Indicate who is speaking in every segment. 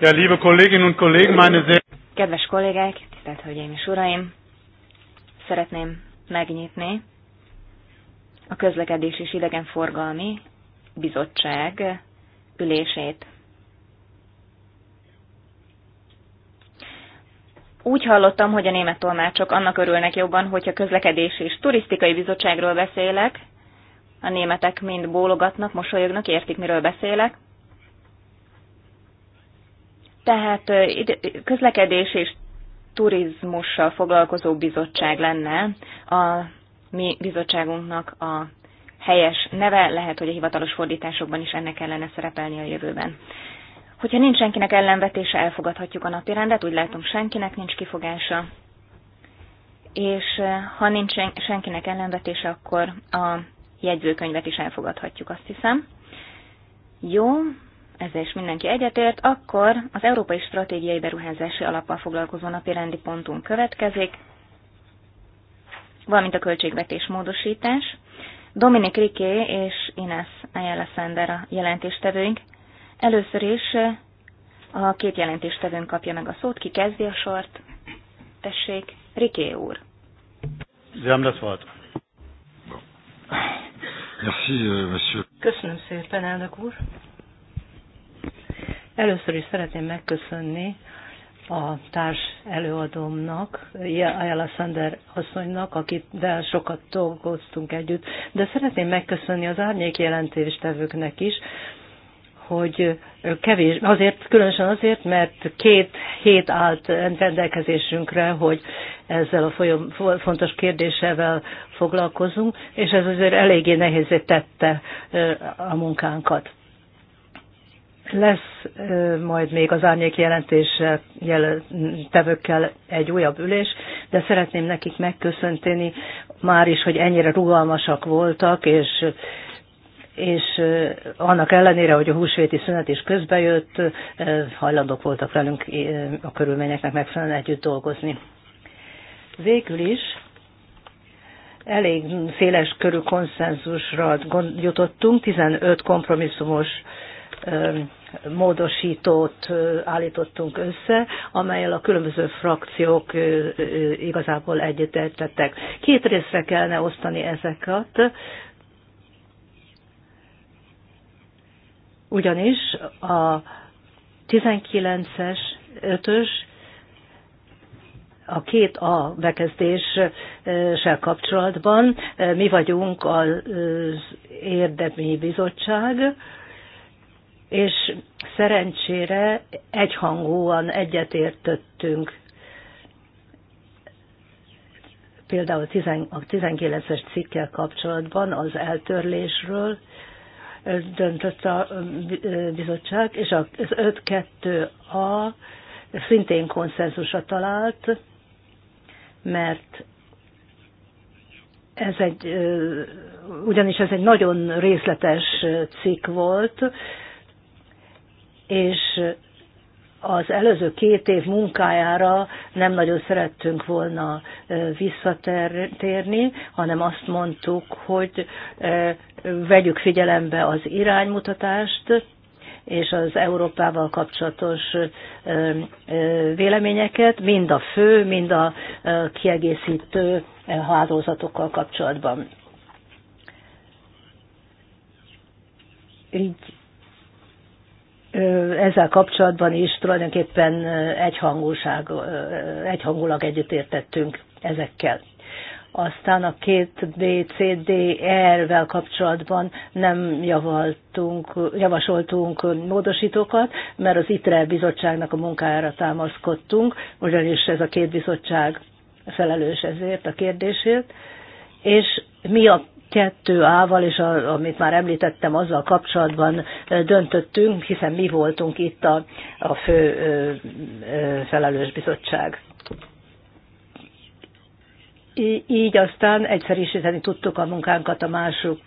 Speaker 1: Ja, liebe
Speaker 2: Kolleginnen und Kollegen, meine sehr
Speaker 1: Kedves kollégák, tisztelt Hölgyeim és Uraim! Szeretném megnyitni a közlekedés és idegenforgalmi bizottság ülését. Úgy hallottam, hogy a német tolmácsok annak örülnek jobban, hogyha közlekedési és turisztikai bizottságról beszélek. A németek mind bólogatnak, mosolyognak, értik, miről beszélek tehát közlekedés és turizmussal foglalkozó bizottság lenne a mi bizottságunknak a helyes neve, lehet, hogy a hivatalos fordításokban is ennek kellene szerepelni a jövőben. Hogyha nincs senkinek ellenvetése, elfogadhatjuk a napi rendet, úgy látom senkinek nincs kifogása. És ha nincs senkinek ellenvetése, akkor a jegyzőkönyvet is elfogadhatjuk, azt hiszem. Jó, ezzel is mindenki egyetért, akkor az Európai Stratégiai Beruházási Alappal foglalkozó napi rendi pontunk következik, valamint a költségvetés módosítás. Dominik Riké és Ines Ayala Sander a jelentéstevőink. Először is eh, a két jelentéstevőnk kapja meg a szót, ki kezdi a sort. Tessék, Riké úr.
Speaker 2: Zám lesz volt. Euh,
Speaker 3: Köszönöm szépen, elnök úr. Először is szeretném megköszönni a társ előadómnak, Ayala Sander asszonynak, akivel sokat dolgoztunk együtt, de szeretném megköszönni az árnyék jelentéstevőknek is, hogy kevés, azért, különösen azért, mert két hét állt rendelkezésünkre, hogy ezzel a folyam, fontos kérdésevel foglalkozunk, és ez azért eléggé nehézé tette a munkánkat. Lesz majd még az árnyék jelentés tevőkkel egy újabb ülés, de szeretném nekik megköszönteni már is, hogy ennyire rugalmasak voltak, és és annak ellenére, hogy a húsvéti szünet is közbejött, hajlandók voltak velünk a körülményeknek megfelelően együtt dolgozni. Végül is elég széles körű konszenzusra jutottunk, 15 kompromisszumos módosítót állítottunk össze, amelyel a különböző frakciók igazából egyetértettek. Két részre kellene osztani ezeket, ugyanis a 19-es, 5-ös, a két A bekezdéssel kapcsolatban mi vagyunk az érdemi bizottság, és szerencsére egyhangúan egyetértettünk például a 19-es cikkel kapcsolatban az eltörlésről döntött a bizottság, és az 5.2a szintén konszenzusra talált, mert ez egy, ugyanis ez egy nagyon részletes cikk volt, és az előző két év munkájára nem nagyon szerettünk volna visszatérni, hanem azt mondtuk, hogy vegyük figyelembe az iránymutatást, és az Európával kapcsolatos véleményeket, mind a fő, mind a kiegészítő hálózatokkal kapcsolatban. Így ezzel kapcsolatban is tulajdonképpen egyhangúság, egyhangulag értettünk ezekkel. Aztán a két BCDR-vel kapcsolatban nem javaltunk, javasoltunk módosítókat, mert az ITRE bizottságnak a munkájára támaszkodtunk, ugyanis ez a két bizottság felelős ezért a kérdésért, és mi a kettő ával és a, amit már említettem, azzal kapcsolatban döntöttünk, hiszen mi voltunk itt a, a fő ö, ö, felelős bizottság. Így aztán egyszerűsíteni tudtuk a munkánkat a másik,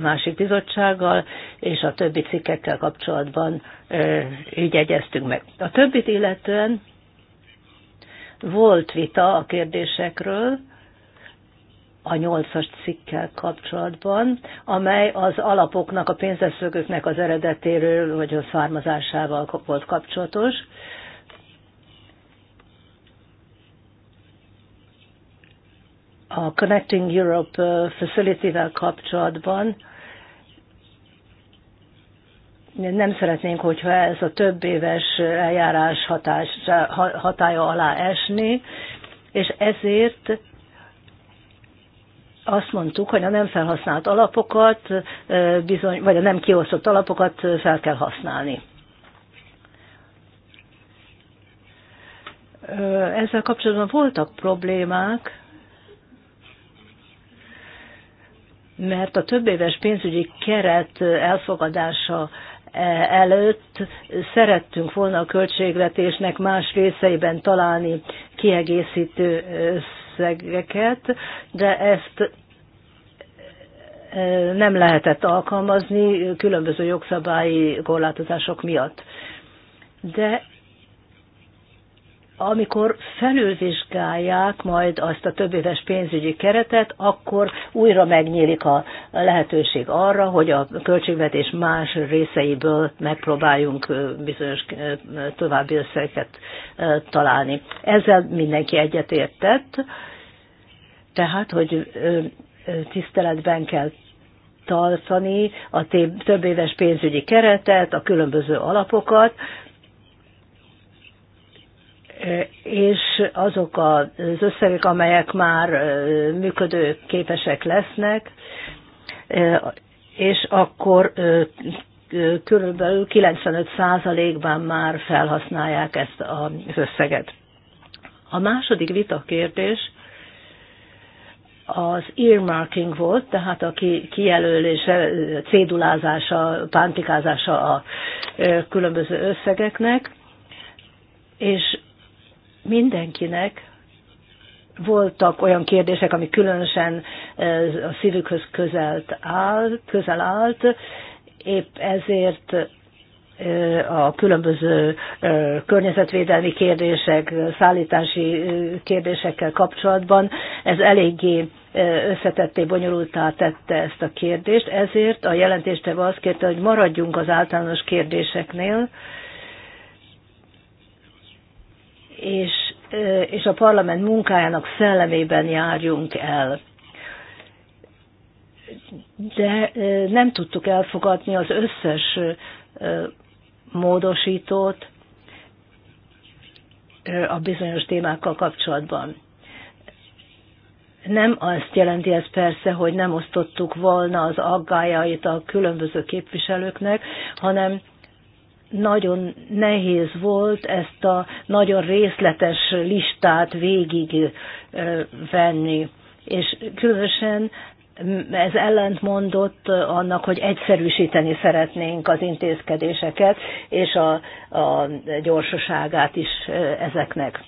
Speaker 3: másik bizottsággal, és a többi cikkekkel kapcsolatban így egyeztünk meg. A többit illetően volt vita a kérdésekről, a nyolcas cikkel kapcsolatban, amely az alapoknak, a pénzeszögöknek az eredetéről vagy a származásával volt kapcsolatos. A Connecting Europe Facility-vel kapcsolatban nem szeretnénk, hogyha ez a több éves eljárás hatás, hatája alá esni, és ezért azt mondtuk, hogy a nem felhasznált alapokat, bizony, vagy a nem kiosztott alapokat fel kell használni. Ezzel kapcsolatban voltak problémák, mert a több éves pénzügyi keret elfogadása e, előtt szerettünk volna a költségvetésnek más részeiben találni kiegészítő összegeket, de ezt eh, nem lehetett alkalmazni különböző jogszabályi korlátozások miatt. De amikor felülvizsgálják majd azt a több éves pénzügyi keretet, akkor újra megnyílik a lehetőség arra, hogy a költségvetés más részeiből megpróbáljunk eh, bizonyos eh, további összegeket találni. Ezzel mindenki egyetértett, tehát, hogy tiszteletben kell tartani a több éves pénzügyi keretet, a különböző alapokat, és azok az összegek, amelyek már működő képesek lesznek, és akkor körülbelül 95%-ban már felhasználják ezt az összeget. A második vita kérdés az earmarking volt, tehát a kijelölése, cédulázása, pántikázása a különböző összegeknek, és mindenkinek voltak olyan kérdések, ami különösen a szívükhöz közelt áll, közel állt, épp ezért a különböző környezetvédelmi kérdések, szállítási kérdésekkel kapcsolatban ez eléggé összetetté, bonyolultá tette ezt a kérdést, ezért a jelentéstevő azt kérte, hogy maradjunk az általános kérdéseknél, és, és a parlament munkájának szellemében járjunk el. De nem tudtuk elfogadni az összes módosítót a bizonyos témákkal kapcsolatban nem azt jelenti ez persze, hogy nem osztottuk volna az aggájait a különböző képviselőknek, hanem nagyon nehéz volt ezt a nagyon részletes listát végig venni. És különösen ez ellentmondott annak, hogy egyszerűsíteni szeretnénk az intézkedéseket, és a, a gyorsaságát is ezeknek.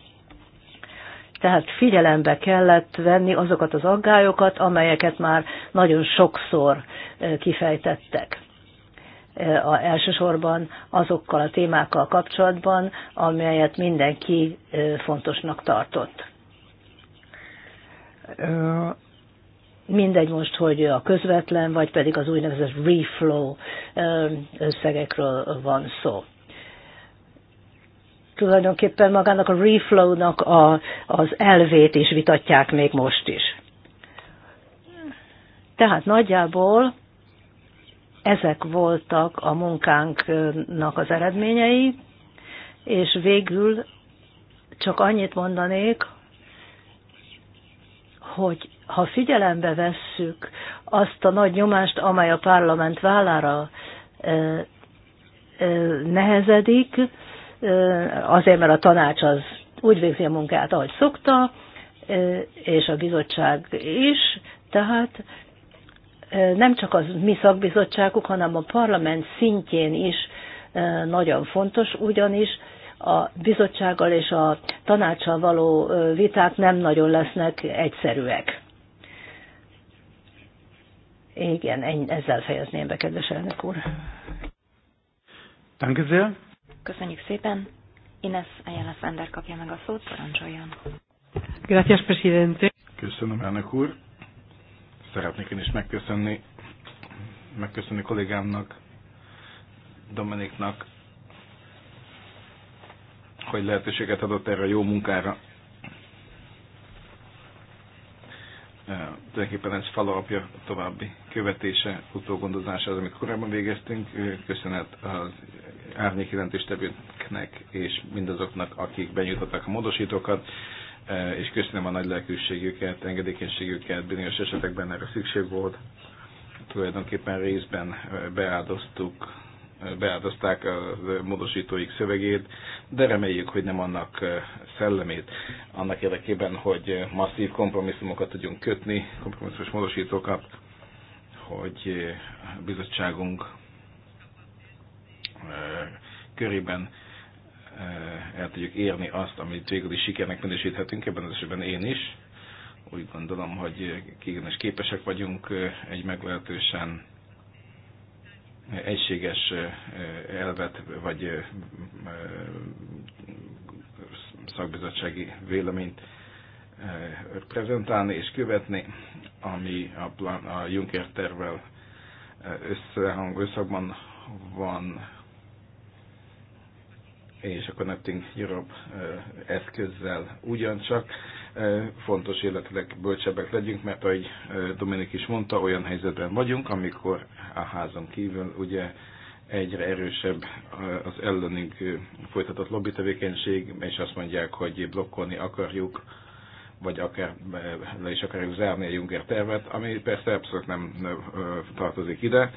Speaker 3: Tehát figyelembe kellett venni azokat az aggályokat, amelyeket már nagyon sokszor kifejtettek a, elsősorban azokkal a témákkal kapcsolatban, amelyet mindenki fontosnak tartott. Mindegy most, hogy a közvetlen, vagy pedig az úgynevezett reflow összegekről van szó tulajdonképpen magának a reflow-nak a, az elvét is vitatják még most is. Tehát nagyjából ezek voltak a munkánknak az eredményei, és végül csak annyit mondanék, hogy ha figyelembe vesszük azt a nagy nyomást, amely a parlament vállára nehezedik, azért, mert a tanács az úgy végzi a munkát, ahogy szokta, és a bizottság is, tehát nem csak az mi szakbizottságuk, hanem a parlament szintjén is nagyon fontos, ugyanis a bizottsággal és a tanácssal való viták nem nagyon lesznek egyszerűek. Igen, ezzel fejezném be, kedves elnök úr.
Speaker 2: Danke sehr.
Speaker 1: Köszönjük szépen. Ines Ayala Sander kapja meg a szót, parancsoljon.
Speaker 2: Gracias, presidente. Köszönöm, elnök úr.
Speaker 4: Szeretnék én is megköszönni, megköszönni kollégámnak, Dominiknak, hogy lehetőséget adott erre a jó munkára. Tulajdonképpen ez falapja további követése, utógondozása az, amit korábban végeztünk. Köszönet az árnyék jelentéstevőknek és mindazoknak, akik benyújtottak a módosítókat, e, és köszönöm a nagy lelkűségüket, engedékenységüket, bizonyos esetekben erre szükség volt. Tulajdonképpen részben e, beáldoztuk, e, beáldozták a módosítóik szövegét, de reméljük, hogy nem annak szellemét, annak érdekében, hogy masszív kompromisszumokat tudjunk kötni, kompromisszumos módosítókat, hogy a bizottságunk körében el tudjuk érni azt, amit végül is sikernek minősíthetünk, ebben az esetben én is. Úgy gondolom, hogy kigenes képesek vagyunk egy meglehetősen egységes elvet, vagy szakbizottsági véleményt prezentálni és követni, ami a, plan, a Juncker tervvel összehang, van és a Connecting Europe eh, eszközzel ugyancsak. Eh, fontos életileg bölcsebbek legyünk, mert ahogy eh, Dominik is mondta, olyan helyzetben vagyunk, amikor a házon kívül ugye egyre erősebb az ellenünk folytatott lobby tevékenység, és azt mondják, hogy blokkolni akarjuk, vagy akár le is akarjuk zárni a Juncker tervet, ami persze abszolút nem tartozik ide,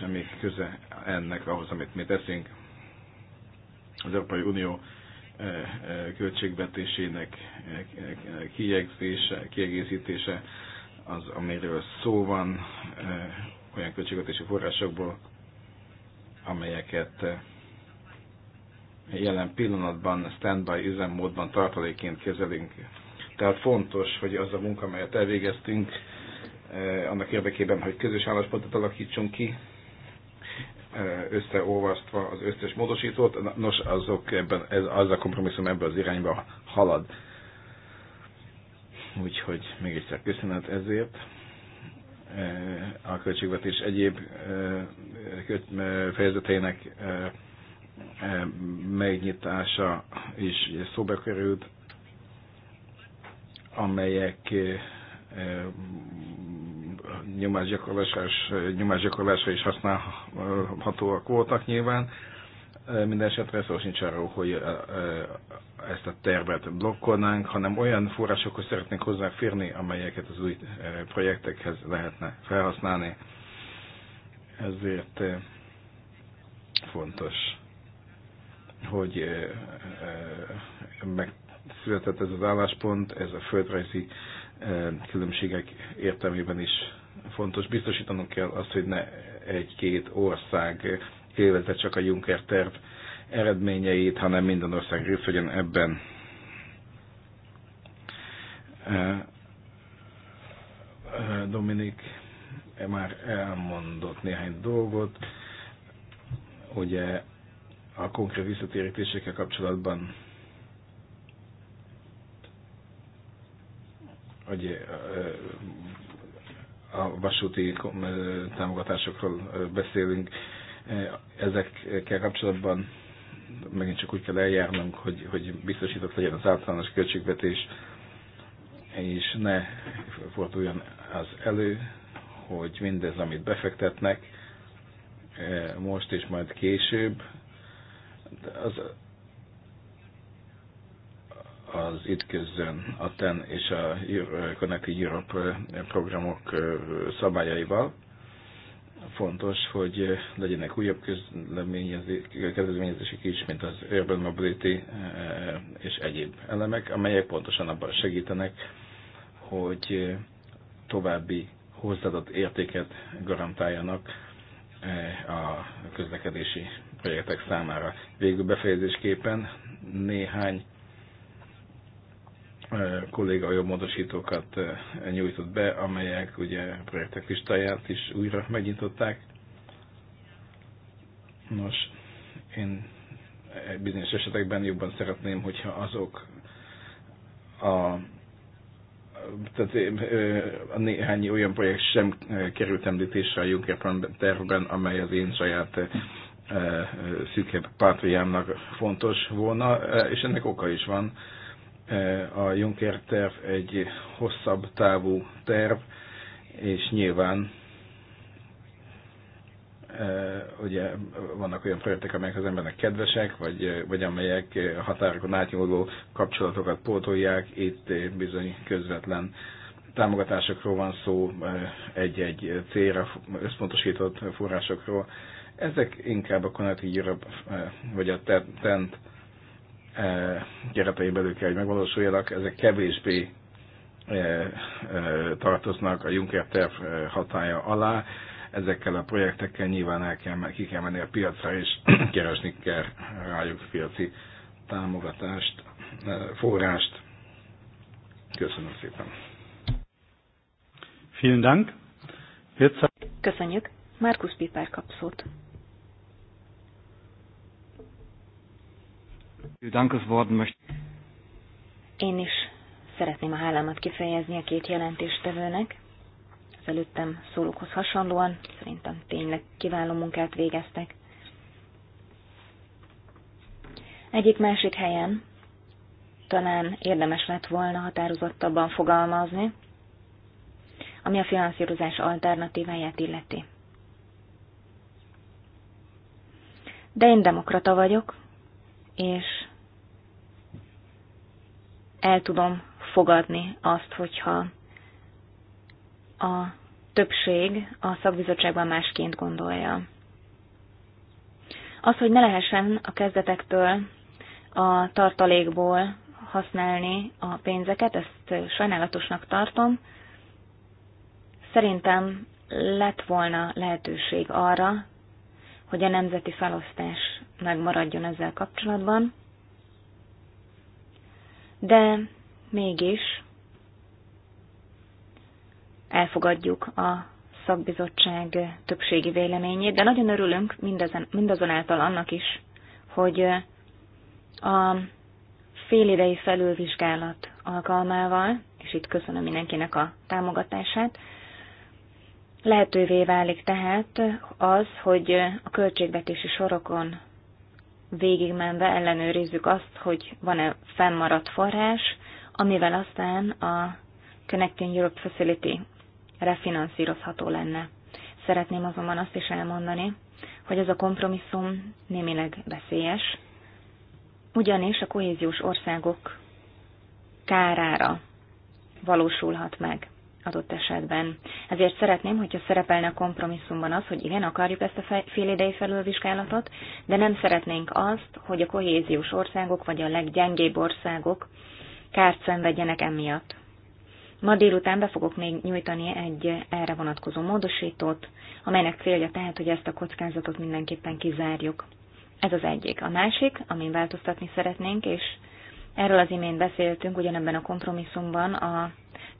Speaker 4: semmi köze ennek ahhoz, amit mi teszünk az Európai Unió eh, eh, költségvetésének eh, kiegzése, kiegészítése az, amiről szó van olyan költségvetési forrásokból, amelyeket jelen pillanatban standby üzemmódban tartaléként kezelünk. Tehát fontos, hogy az a munka, amelyet elvégeztünk, annak érdekében, hogy közös álláspontot alakítsunk ki, Eh, összeolvasztva az összes módosítót, nos, azok ebben, ez, az a kompromisszum ebben az irányba halad. Úgyhogy még egyszer köszönet ezért. Eh, a költségvetés egyéb eh, fejezeteinek megnyitása is szóba került, amelyek nyomásgyakorlás, nyomásgyakorlásra is használhatóak voltak nyilván. Minden esetre szó sincs arról, hogy ezt a tervet blokkolnánk, hanem olyan forrásokhoz szeretnénk hozzáférni, amelyeket az új projektekhez lehetne felhasználni. Ezért fontos, hogy megszületett ez az álláspont, ez a földrajzi különbségek értelmében is fontos. Biztosítanunk kell azt, hogy ne egy-két ország élvezze csak a Juncker terv eredményeit, hanem minden ország részt vegyen ebben. Dominik e már elmondott néhány dolgot. Ugye a konkrét visszatérítésekkel kapcsolatban hogy a vasúti támogatásokról beszélünk, ezekkel kapcsolatban megint csak úgy kell eljárnunk, hogy, hogy biztosított legyen az általános költségvetés, és ne forduljon az elő, hogy mindez, amit befektetnek, most és majd később, az az itt közön a TEN és a Connected Europe eh, programok eh, szabályaival. Fontos, hogy eh, legyenek újabb kezdeményezések is, mint az Urban Mobility és egyéb elemek, amelyek pontosan abban segítenek, hogy további hozzáadott értéket garantáljanak a közlekedési projektek számára. Végül befejezésképpen néhány kolléga jobb módosítókat eh, nyújtott be, amelyek ugye projektek listáját is újra megnyitották. Nos, én bizonyos esetekben jobban szeretném, hogyha azok a tehát eh, a néhány olyan projekt sem eh, került említésre a Juncker tervben, amely az én saját szűkebb pátriámnak fontos volna, és ennek oka is van Eh, a Juncker terv egy hosszabb távú terv, és nyilván eh, ugye vannak olyan projektek, amelyek az embernek kedvesek, vagy, eh, vagy amelyek határokon átnyúló kapcsolatokat pótolják, itt bizony közvetlen támogatásokról van szó, egy-egy célra összpontosított forrásokról. Ezek inkább a Connecting Europe, vagy a TENT e E, keretein belül kell, hogy megvalósuljanak, ezek kevésbé e, e, tartoznak a Juncker terv hatája alá. Ezekkel a projektekkel nyilván el kell, ki kell menni a piacra, és keresni kell rájuk piaci támogatást, forrást.
Speaker 2: Köszönöm szépen. Vielen Dank.
Speaker 1: Köszönjük. Markus Piper kapszót. Én is szeretném a hálámat kifejezni a két jelentéstevőnek. Az előttem szólókhoz hasonlóan szerintem tényleg kiváló munkát végeztek. Egyik másik helyen talán érdemes lett volna határozottabban fogalmazni, ami a finanszírozás alternatíváját illeti. De én demokrata vagyok, és el tudom fogadni azt, hogyha a többség a szakbizottságban másként gondolja. Az, hogy ne lehessen a kezdetektől a tartalékból használni a pénzeket, ezt sajnálatosnak tartom. Szerintem lett volna lehetőség arra, hogy a nemzeti felosztás megmaradjon ezzel kapcsolatban, de mégis elfogadjuk a szakbizottság többségi véleményét, de nagyon örülünk mindezen, mindazonáltal annak is, hogy a félidei felülvizsgálat alkalmával, és itt köszönöm mindenkinek a támogatását, Lehetővé válik tehát az, hogy a költségvetési sorokon végigmenve ellenőrizzük azt, hogy van-e fennmaradt forrás, amivel aztán a Connecting Europe Facility refinanszírozható lenne. Szeretném azonban azt is elmondani, hogy ez a kompromisszum némileg veszélyes, ugyanis a kohéziós országok kárára valósulhat meg adott esetben. Ezért szeretném, hogyha szerepelne a kompromisszumban az, hogy igen, akarjuk ezt a félidei felülvizsgálatot, de nem szeretnénk azt, hogy a kohéziós országok vagy a leggyengébb országok kárt szenvedjenek emiatt. Ma délután be fogok még nyújtani egy erre vonatkozó módosítót, amelynek célja tehát, hogy ezt a kockázatot mindenképpen kizárjuk. Ez az egyik. A másik, amin változtatni szeretnénk, és Erről az imént beszéltünk ugyanebben a kompromisszumban a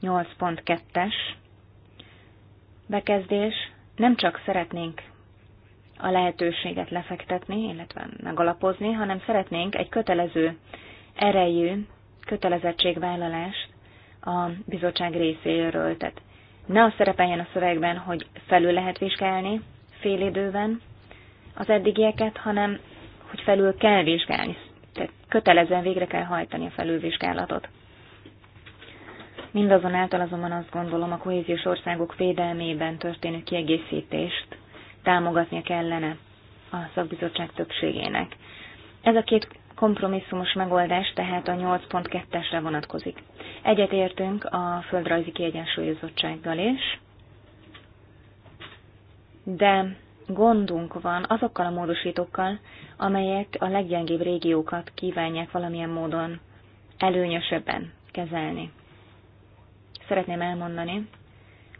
Speaker 1: 8.2-es bekezdés. Nem csak szeretnénk a lehetőséget lefektetni, illetve megalapozni, hanem szeretnénk egy kötelező erejű kötelezettségvállalást a bizottság részéről. Tehát ne az szerepeljen a szövegben, hogy felül lehet vizsgálni fél időben az eddigieket, hanem hogy felül kell vizsgálni tehát kötelezően végre kell hajtani a felülvizsgálatot. Mindazonáltal azonban azt gondolom, a kohéziós országok védelmében történő kiegészítést támogatnia kellene a szakbizottság többségének. Ez a két kompromisszumos megoldás tehát a 8.2-esre vonatkozik. Egyetértünk a földrajzi kiegyensúlyozottsággal is, de gondunk van azokkal a módosítókkal, amelyek a leggyengébb régiókat kívánják valamilyen módon előnyösebben kezelni. Szeretném elmondani,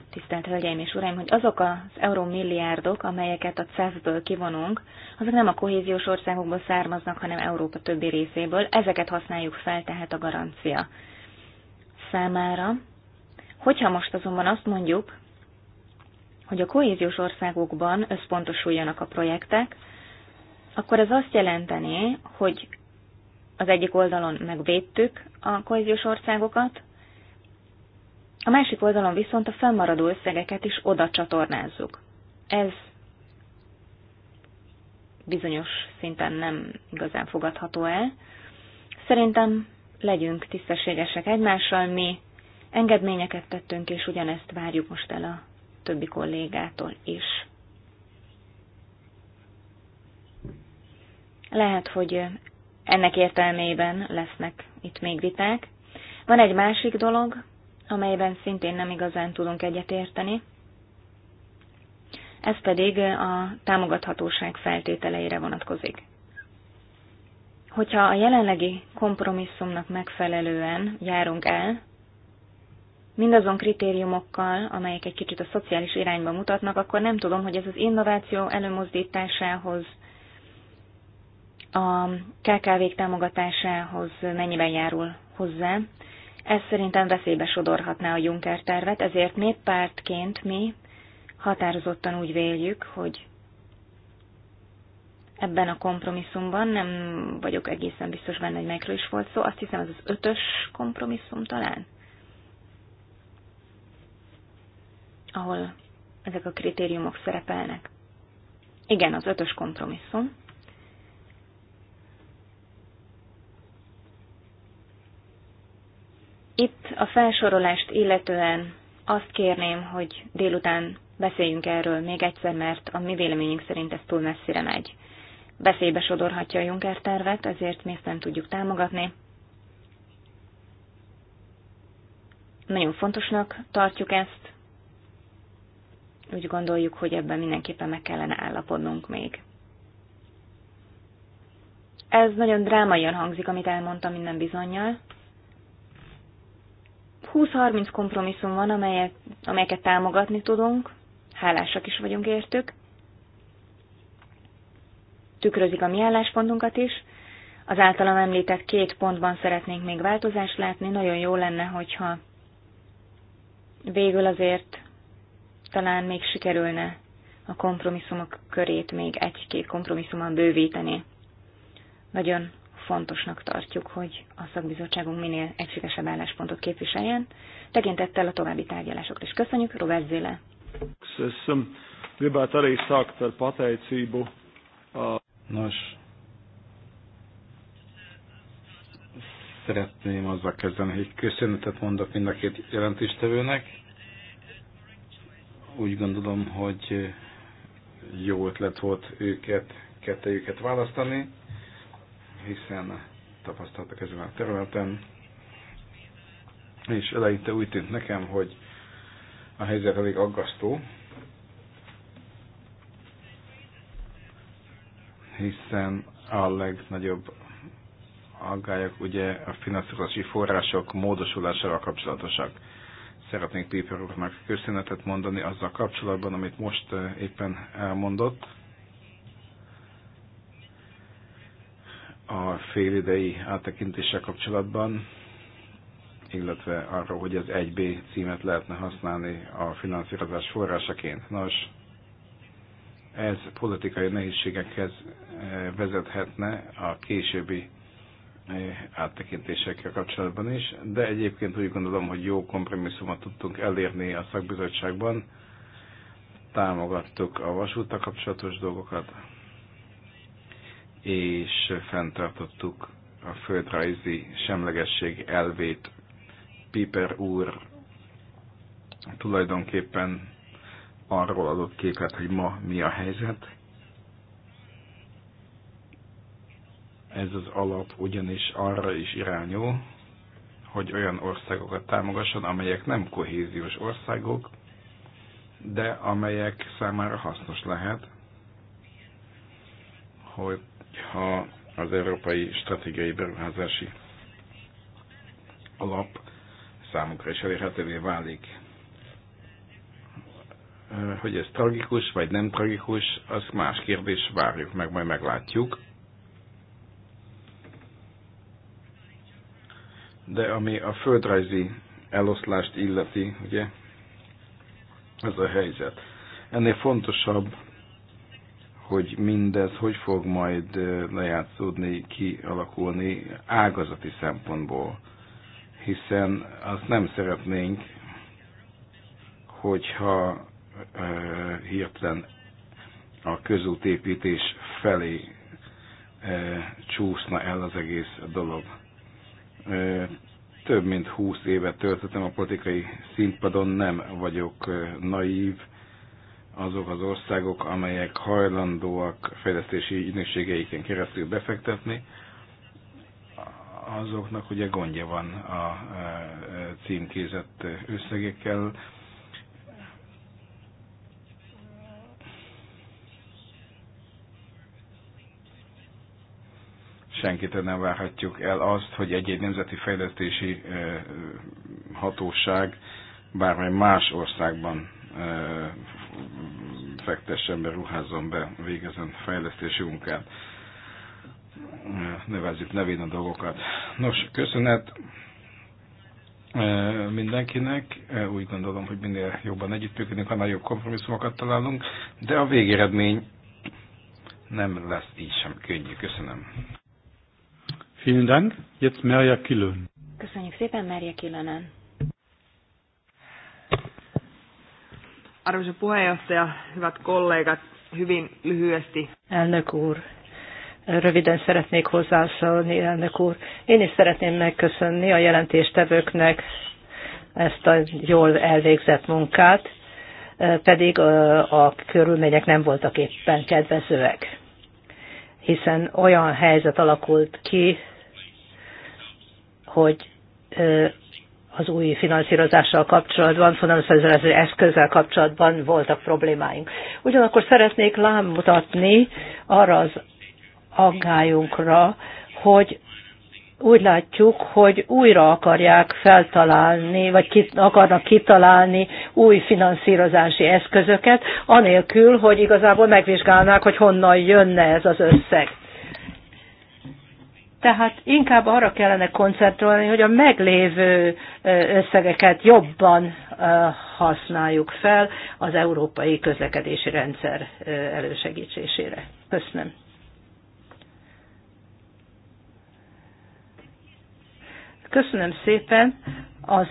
Speaker 1: tisztelt Hölgyeim és Uraim, hogy azok az eurómilliárdok, amelyeket a CEF-ből kivonunk, azok nem a kohéziós országokból származnak, hanem Európa többi részéből. Ezeket használjuk fel, tehát a garancia számára. Hogyha most azonban azt mondjuk, hogy a kohéziós országokban összpontosuljanak a projektek, akkor ez azt jelentené, hogy az egyik oldalon megvédtük a kohéziós országokat, a másik oldalon viszont a fennmaradó összegeket is oda csatornázzuk. Ez bizonyos szinten nem igazán fogadható el. Szerintem legyünk tisztességesek egymással, mi engedményeket tettünk, és ugyanezt várjuk most el a többi kollégától is. Lehet, hogy ennek értelmében lesznek itt még viták. Van egy másik dolog, amelyben szintén nem igazán tudunk egyetérteni. Ez pedig a támogathatóság feltételeire vonatkozik. Hogyha a jelenlegi kompromisszumnak megfelelően járunk el, mindazon kritériumokkal, amelyek egy kicsit a szociális irányba mutatnak, akkor nem tudom, hogy ez az innováció előmozdításához, a KKV-k támogatásához mennyiben járul hozzá. Ez szerintem veszélybe sodorhatná a Juncker tervet, ezért néppártként mi határozottan úgy véljük, hogy ebben a kompromisszumban, nem vagyok egészen biztos benne, hogy melyikről is volt szó, azt hiszem ez az ötös kompromisszum talán. ahol ezek a kritériumok szerepelnek. Igen, az ötös kompromisszum. Itt a felsorolást illetően azt kérném, hogy délután beszéljünk erről még egyszer, mert a mi véleményünk szerint ez túl messzire megy. Veszélybe sodorhatja a Juncker tervet, ezért mi ezt nem tudjuk támogatni. Nagyon fontosnak tartjuk ezt, úgy gondoljuk, hogy ebben mindenképpen meg kellene állapodnunk még. Ez nagyon drámaian hangzik, amit elmondtam minden bizonyal. 20-30 kompromisszum van, amelyet, amelyeket támogatni tudunk, hálásak is vagyunk értük. Tükrözik a mi álláspontunkat is. Az általam említett két pontban szeretnénk még változást látni. Nagyon jó lenne, hogyha végül azért talán még sikerülne a kompromisszumok körét még egy-két kompromisszumon bővíteni. Nagyon fontosnak tartjuk, hogy a szakbizottságunk minél egységesebb álláspontot képviseljen, tekintettel a további tárgyalásokra is. Köszönjük, Robert Zille.
Speaker 2: Köszönöm. Nos,
Speaker 4: szeretném azzal kezdeni, hogy köszönetet mondok mind a két jelentéstevőnek úgy gondolom, hogy jó ötlet volt őket, kettejüket választani, hiszen tapasztaltak ezen a területen, és eleinte úgy tűnt nekem, hogy a helyzet elég aggasztó, hiszen a legnagyobb aggályok ugye a finanszírozási források módosulásával kapcsolatosak Szeretnénk Péper úrnak köszönetet mondani azzal kapcsolatban, amit most eh, éppen elmondott. A félidei áttekintése kapcsolatban, illetve arról, hogy az 1B címet lehetne használni a finanszírozás forrásaként. Nos, ez politikai nehézségekhez eh, vezethetne a későbbi áttekintésekkel kapcsolatban is, de egyébként úgy gondolom, hogy jó kompromisszumot tudtunk elérni a szakbizottságban. Támogattuk a vasúttal kapcsolatos dolgokat, és fenntartottuk a földrajzi semlegesség elvét. Piper úr tulajdonképpen arról adott képet, hogy ma mi a helyzet Ez az alap ugyanis arra is irányul, hogy olyan országokat támogasson, amelyek nem kohéziós országok, de amelyek számára hasznos lehet, hogyha az Európai Stratégiai Beruházási Alap számukra is elérhetővé válik. Hogy ez tragikus vagy nem tragikus, az más kérdés, várjuk meg, majd meglátjuk. de ami a földrajzi eloszlást illeti, ugye, ez a helyzet. Ennél fontosabb, hogy mindez hogy fog majd lejátszódni, kialakulni ágazati szempontból, hiszen azt nem szeretnénk, hogyha e, hirtelen a közútépítés felé e, csúszna el az egész dolog több mint húsz évet töltöttem a politikai színpadon, nem vagyok naív. Azok az országok, amelyek hajlandóak fejlesztési ügynökségeiken keresztül befektetni, azoknak ugye gondja van a címkézett összegekkel, senkitől nem várhatjuk el azt, hogy egy-egy nemzeti fejlesztési hatóság bármely más országban fektessen be, ruházzon be, végezzen fejlesztési munkát. Nevezzük nevén a dolgokat. Nos, köszönet mindenkinek. Úgy gondolom, hogy minél jobban együttműködünk, annál jobb kompromisszumokat találunk, de a végeredmény nem lesz így sem könnyű.
Speaker 2: Köszönöm. Vielen Dank. Jetzt Merja Kilön.
Speaker 1: Köszönjük szépen, Merja Kilönen. Arvoisa puheenjohtaja, hyvät kollegat, hyvin lyhyesti.
Speaker 3: Elnök úr, röviden szeretnék hozzászólni, elnök úr. Én is szeretném megköszönni a jelentéstevőknek ezt a jól elvégzett munkát, pedig a körülmények nem voltak éppen kedvezőek, hiszen olyan helyzet alakult ki, hogy az új finanszírozással kapcsolatban, finanszírozási eszközzel kapcsolatban voltak problémáink. Ugyanakkor szeretnék lámutatni arra az aggályunkra, hogy úgy látjuk, hogy újra akarják feltalálni, vagy kit, akarnak kitalálni új finanszírozási eszközöket, anélkül, hogy igazából megvizsgálnák, hogy honnan jönne ez az összeg. Tehát inkább arra kellene koncentrálni, hogy a meglévő összegeket jobban használjuk fel az európai közlekedési rendszer elősegítésére. Köszönöm. Köszönöm szépen az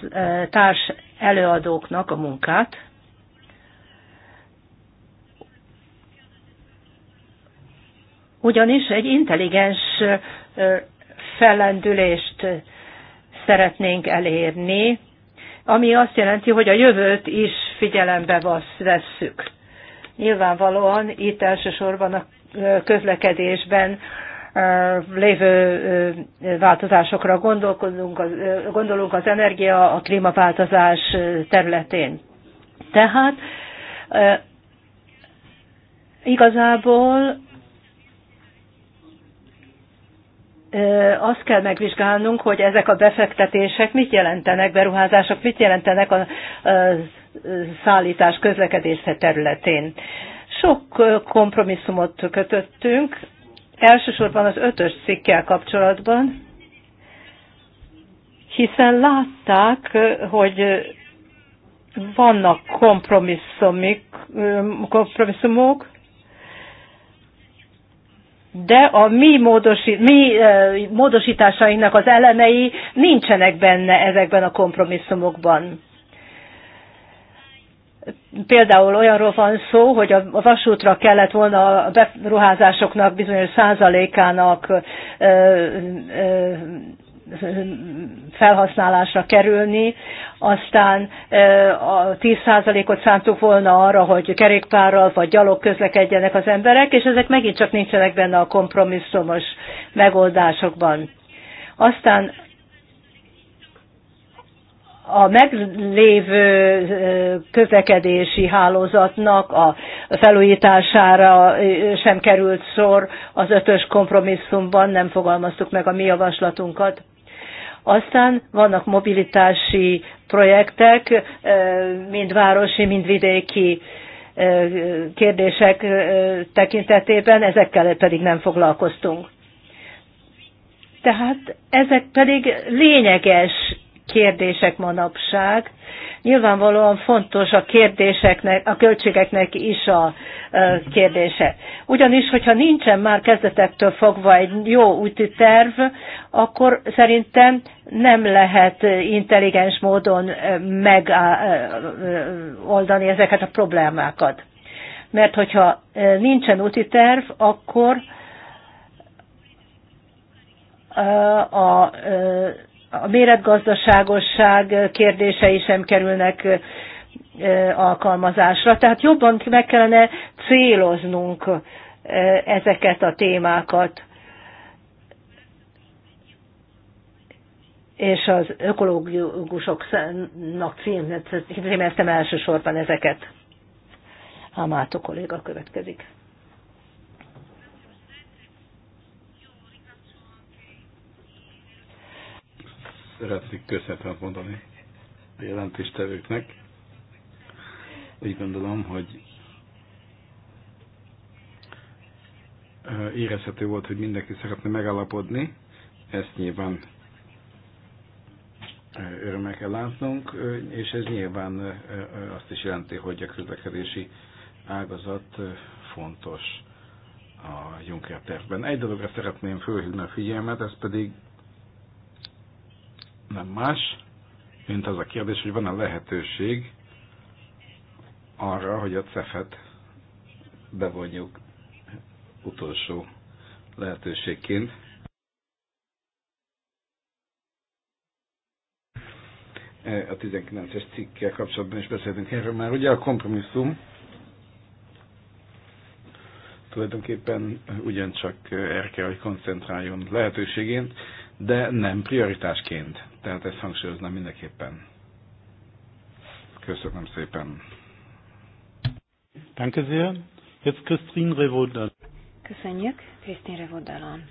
Speaker 3: társ előadóknak a munkát. Ugyanis egy intelligens fellendülést szeretnénk elérni, ami azt jelenti, hogy a jövőt is figyelembe vesszük. Nyilvánvalóan itt elsősorban a közlekedésben lévő változásokra gondolkodunk, gondolunk az energia, a klímaváltozás területén. Tehát igazából azt kell megvizsgálnunk, hogy ezek a befektetések mit jelentenek, beruházások mit jelentenek a szállítás közlekedés területén. Sok kompromisszumot kötöttünk, elsősorban az ötös cikkel kapcsolatban, hiszen látták, hogy vannak kompromisszumok de a mi, módosi, mi eh, módosításainknak az elemei nincsenek benne ezekben a kompromisszumokban. Például olyanról van szó, hogy a vasútra kellett volna a beruházásoknak bizonyos százalékának eh, eh, felhasználásra kerülni, aztán a 10%-ot szántuk volna arra, hogy kerékpárral vagy gyalog közlekedjenek az emberek, és ezek megint csak nincsenek benne a kompromisszumos megoldásokban. Aztán a meglévő közlekedési hálózatnak a felújítására sem került sor az ötös kompromisszumban, nem fogalmaztuk meg a mi javaslatunkat. Aztán vannak mobilitási projektek, mind városi, mind vidéki kérdések tekintetében, ezekkel pedig nem foglalkoztunk. Tehát ezek pedig lényeges kérdések manapság. Nyilvánvalóan fontos a kérdéseknek, a költségeknek is a kérdése. Ugyanis, hogyha nincsen már kezdetektől fogva egy jó úti terv, akkor szerintem nem lehet intelligens módon megoldani ezeket a problémákat. Mert hogyha nincsen úti terv, akkor a, a méretgazdaságosság kérdései sem kerülnek alkalmazásra. Tehát jobban meg kellene céloznunk ezeket a témákat és az ökológusoknak címeztem elsősorban ezeket. Mátó kolléga következik.
Speaker 2: Szeretnék köszönetet mondani a jelentéstevőknek. Úgy
Speaker 4: gondolom, hogy érezhető volt, hogy mindenki szeretne megállapodni. Ezt nyilván örömmel kell látnunk, és ez nyilván azt is jelenti, hogy a közlekedési ágazat fontos a Juncker tervben. Egy dologra szeretném fölhívni a figyelmet, ez pedig nem más, mint az a kérdés, hogy van-e lehetőség arra, hogy a CEFET bevonjuk utolsó lehetőségként E, a 19-es cikkkel kapcsolatban is beszéltünk erről már. Ugye a kompromisszum tulajdonképpen ugyancsak erre kell, hogy koncentráljon lehetőségén, de nem prioritásként. Tehát ezt hangsúlyoznám
Speaker 2: mindenképpen. Köszönöm szépen. Danke sehr. Jetzt Christine Revaudal.
Speaker 1: Köszönjük. Christine Revoldalon.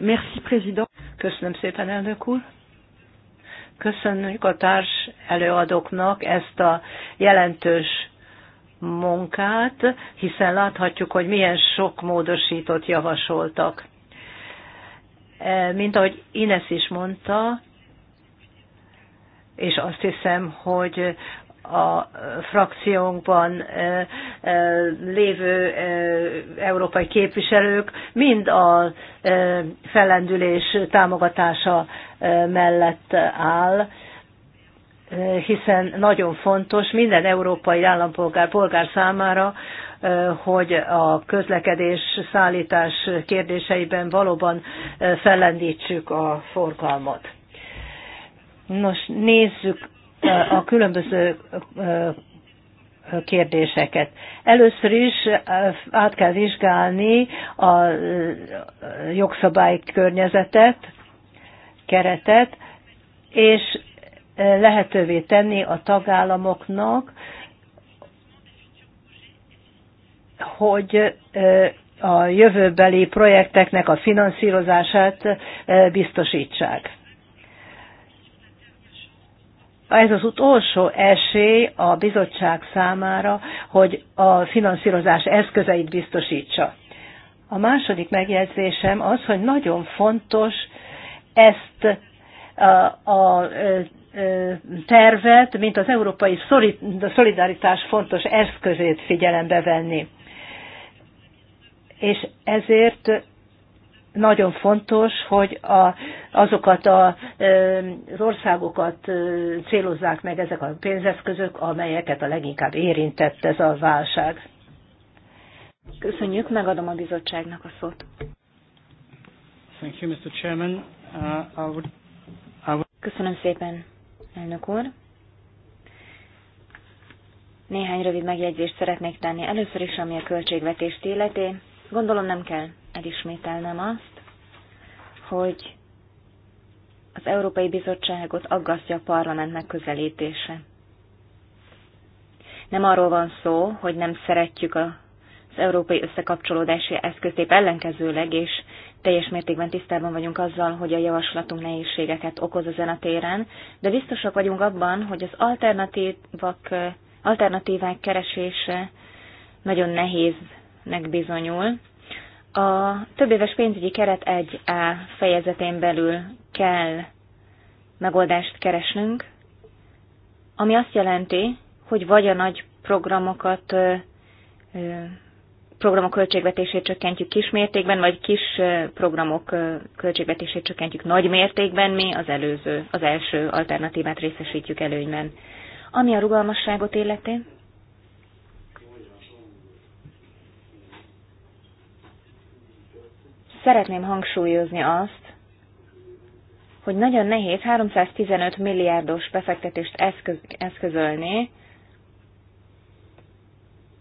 Speaker 3: Merci, Président. Köszönöm szépen, elnök úr. Köszönjük a társ előadóknak ezt a jelentős munkát, hiszen láthatjuk, hogy milyen sok módosítót javasoltak. E, mint ahogy Ines is mondta, és azt hiszem, hogy a frakciónkban lévő európai képviselők mind a fellendülés támogatása mellett áll, hiszen nagyon fontos minden európai állampolgár polgár számára, hogy a közlekedés szállítás kérdéseiben valóban fellendítsük a forgalmat. Nos, nézzük a különböző kérdéseket. Először is át kell vizsgálni a jogszabály környezetet, keretet, és lehetővé tenni a tagállamoknak, hogy a jövőbeli projekteknek a finanszírozását biztosítsák. Ez az utolsó esély a bizottság számára, hogy a finanszírozás eszközeit biztosítsa. A második megjegyzésem az, hogy nagyon fontos ezt a, a tervet, mint az európai szolidaritás fontos eszközét figyelembe venni. És ezért nagyon fontos, hogy a, azokat a, az országokat célozzák meg ezek a pénzeszközök, amelyeket a leginkább érintett ez a válság. Köszönjük, megadom a bizottságnak a szót. Thank you, Mr. Chairman. Uh, I would, I would... Köszönöm
Speaker 1: szépen, elnök úr. Néhány rövid megjegyzést szeretnék tenni. Először is, ami a költségvetést illeti. Gondolom nem kell elismételnem azt, hogy az Európai Bizottságot aggasztja a parlament megközelítése. Nem arról van szó, hogy nem szeretjük az európai összekapcsolódási eszközép ellenkezőleg, és teljes mértékben tisztában vagyunk azzal, hogy a javaslatunk nehézségeket okoz ezen a téren, de biztosak vagyunk abban, hogy az alternatívak, alternatívák keresése nagyon nehéznek bizonyul, a többéves pénzügyi keret 1A fejezetén belül kell megoldást keresnünk, ami azt jelenti, hogy vagy a nagy programokat, programok költségvetését csökkentjük kismértékben, vagy kis programok költségvetését csökkentjük nagy mértékben, mi az előző, az első alternatívát részesítjük előnyben. Ami a rugalmasságot illeti, szeretném hangsúlyozni azt, hogy nagyon nehéz 315 milliárdos befektetést eszköz, eszközölni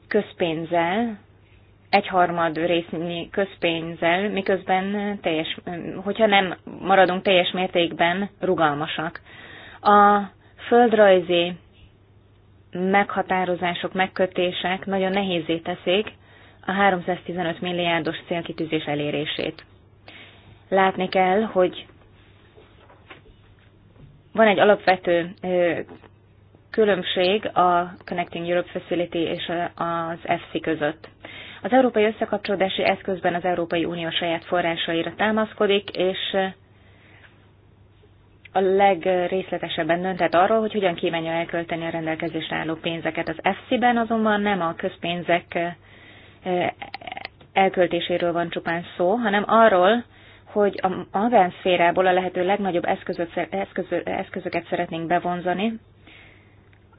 Speaker 1: közpénzzel, egyharmad résznyi közpénzzel, miközben teljes, hogyha nem maradunk teljes mértékben rugalmasak. A földrajzi meghatározások, megkötések nagyon nehézé teszik a 315 milliárdos célkitűzés elérését. Látni kell, hogy van egy alapvető különbség a Connecting Europe Facility és az EFSI között. Az európai összekapcsolódási eszközben az Európai Unió saját forrásaira támaszkodik, és a legrészletesebben döntett arról, hogy hogyan kívánja elkölteni a rendelkezésre álló pénzeket. Az EFSI-ben azonban nem a közpénzek elköltéséről van csupán szó, hanem arról, hogy a magánszférából a lehető legnagyobb eszközöt, eszközö, eszközöket szeretnénk bevonzani,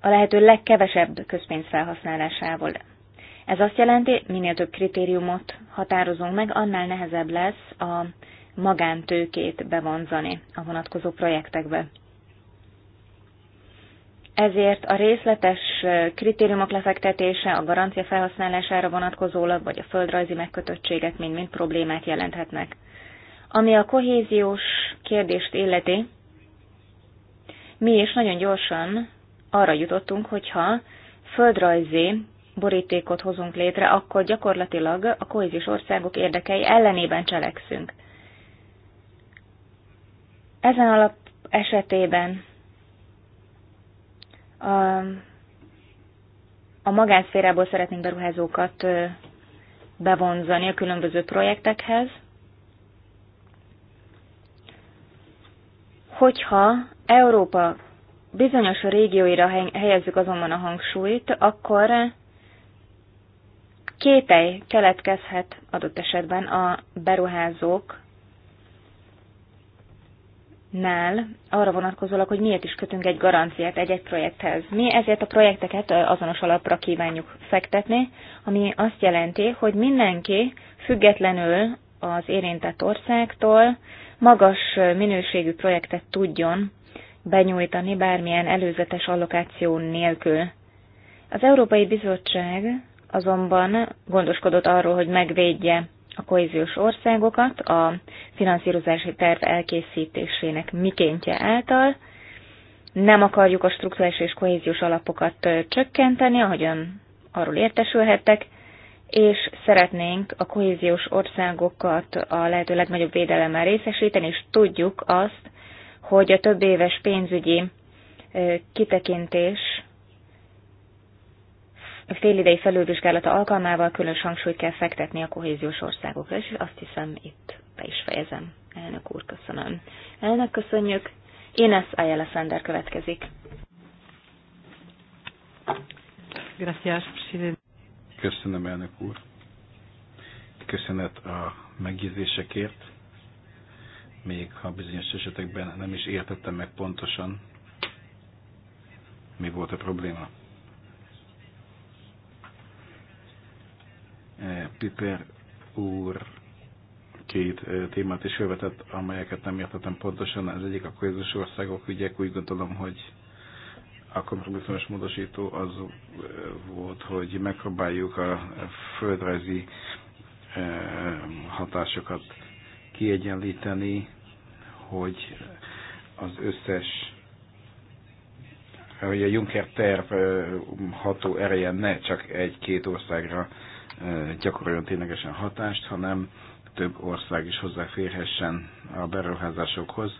Speaker 1: a lehető legkevesebb közpénz felhasználásával. Ez azt jelenti, minél több kritériumot határozunk meg, annál nehezebb lesz a magántőkét bevonzani a vonatkozó projektekbe ezért a részletes kritériumok lefektetése a garancia felhasználására vonatkozólag, vagy a földrajzi megkötöttséget mind-mind problémát jelenthetnek. Ami a kohéziós kérdést illeti, mi is nagyon gyorsan arra jutottunk, hogyha földrajzi borítékot hozunk létre, akkor gyakorlatilag a kohéziós országok érdekei ellenében cselekszünk. Ezen alap esetében a, a magánszférából szeretnénk beruházókat bevonzani a különböző projektekhez. Hogyha Európa bizonyos régióira helyezzük azonban a hangsúlyt, akkor kételj keletkezhet adott esetben a beruházók nál arra vonatkozólag, hogy miért is kötünk egy garanciát egy-egy projekthez. Mi ezért a projekteket azonos alapra kívánjuk fektetni, ami azt jelenti, hogy mindenki függetlenül az érintett országtól magas minőségű projektet tudjon benyújtani bármilyen előzetes allokáció nélkül. Az Európai Bizottság azonban gondoskodott arról, hogy megvédje a kohéziós országokat a finanszírozási terv elkészítésének mikéntje által. Nem akarjuk a struktúrális és kohéziós alapokat csökkenteni, ahogyan arról értesülhettek, és szeretnénk a kohéziós országokat a lehető legnagyobb védelemmel részesíteni, és tudjuk azt, hogy a több éves pénzügyi kitekintés a félidei felülvizsgálata alkalmával különös hangsúlyt kell fektetni a kohéziós országokra, és azt hiszem itt be is fejezem. Elnök úr, köszönöm. Elnök, köszönjük. Ines Ayala Sander
Speaker 3: következik.
Speaker 4: Köszönöm, elnök úr. Köszönet a megjegyzésekért. Még ha bizonyos esetekben nem is értettem meg pontosan, mi volt a probléma. Eh, Piper úr két eh, témát is felvetett, amelyeket nem értettem pontosan. Az egyik a kohézus országok ügyek, úgy gondolom, hogy a kompromisszumos módosító az eh, volt, hogy megpróbáljuk a földrajzi hatásokat kiegyenlíteni, hogy az összes hogy a Juncker terv ható ereje ne csak egy-két országra gyakoroljon ténylegesen hatást, hanem több ország is hozzáférhessen a beruházásokhoz.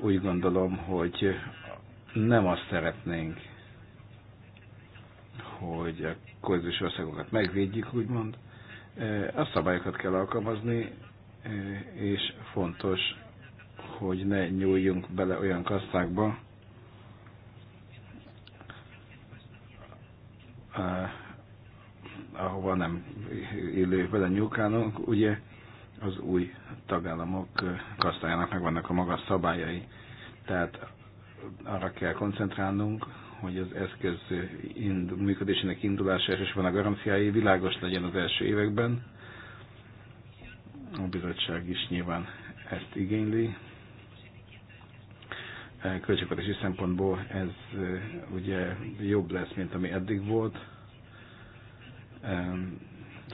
Speaker 4: Úgy gondolom, hogy nem azt szeretnénk, hogy a kohéziós országokat megvédjük, úgymond. A szabályokat kell alkalmazni, és fontos, hogy ne nyúljunk bele olyan kasszákba, Eh, ahova nem illő vele nyúlkálunk, ugye az új tagállamok eh, kasztájának megvannak a magas szabályai. Tehát arra kell koncentrálnunk, hogy az eszköz ind, működésének indulása van a garanciái világos legyen az első években. A bizottság is nyilván ezt igényli, költségvetési szempontból ez ugye jobb lesz, mint ami eddig volt,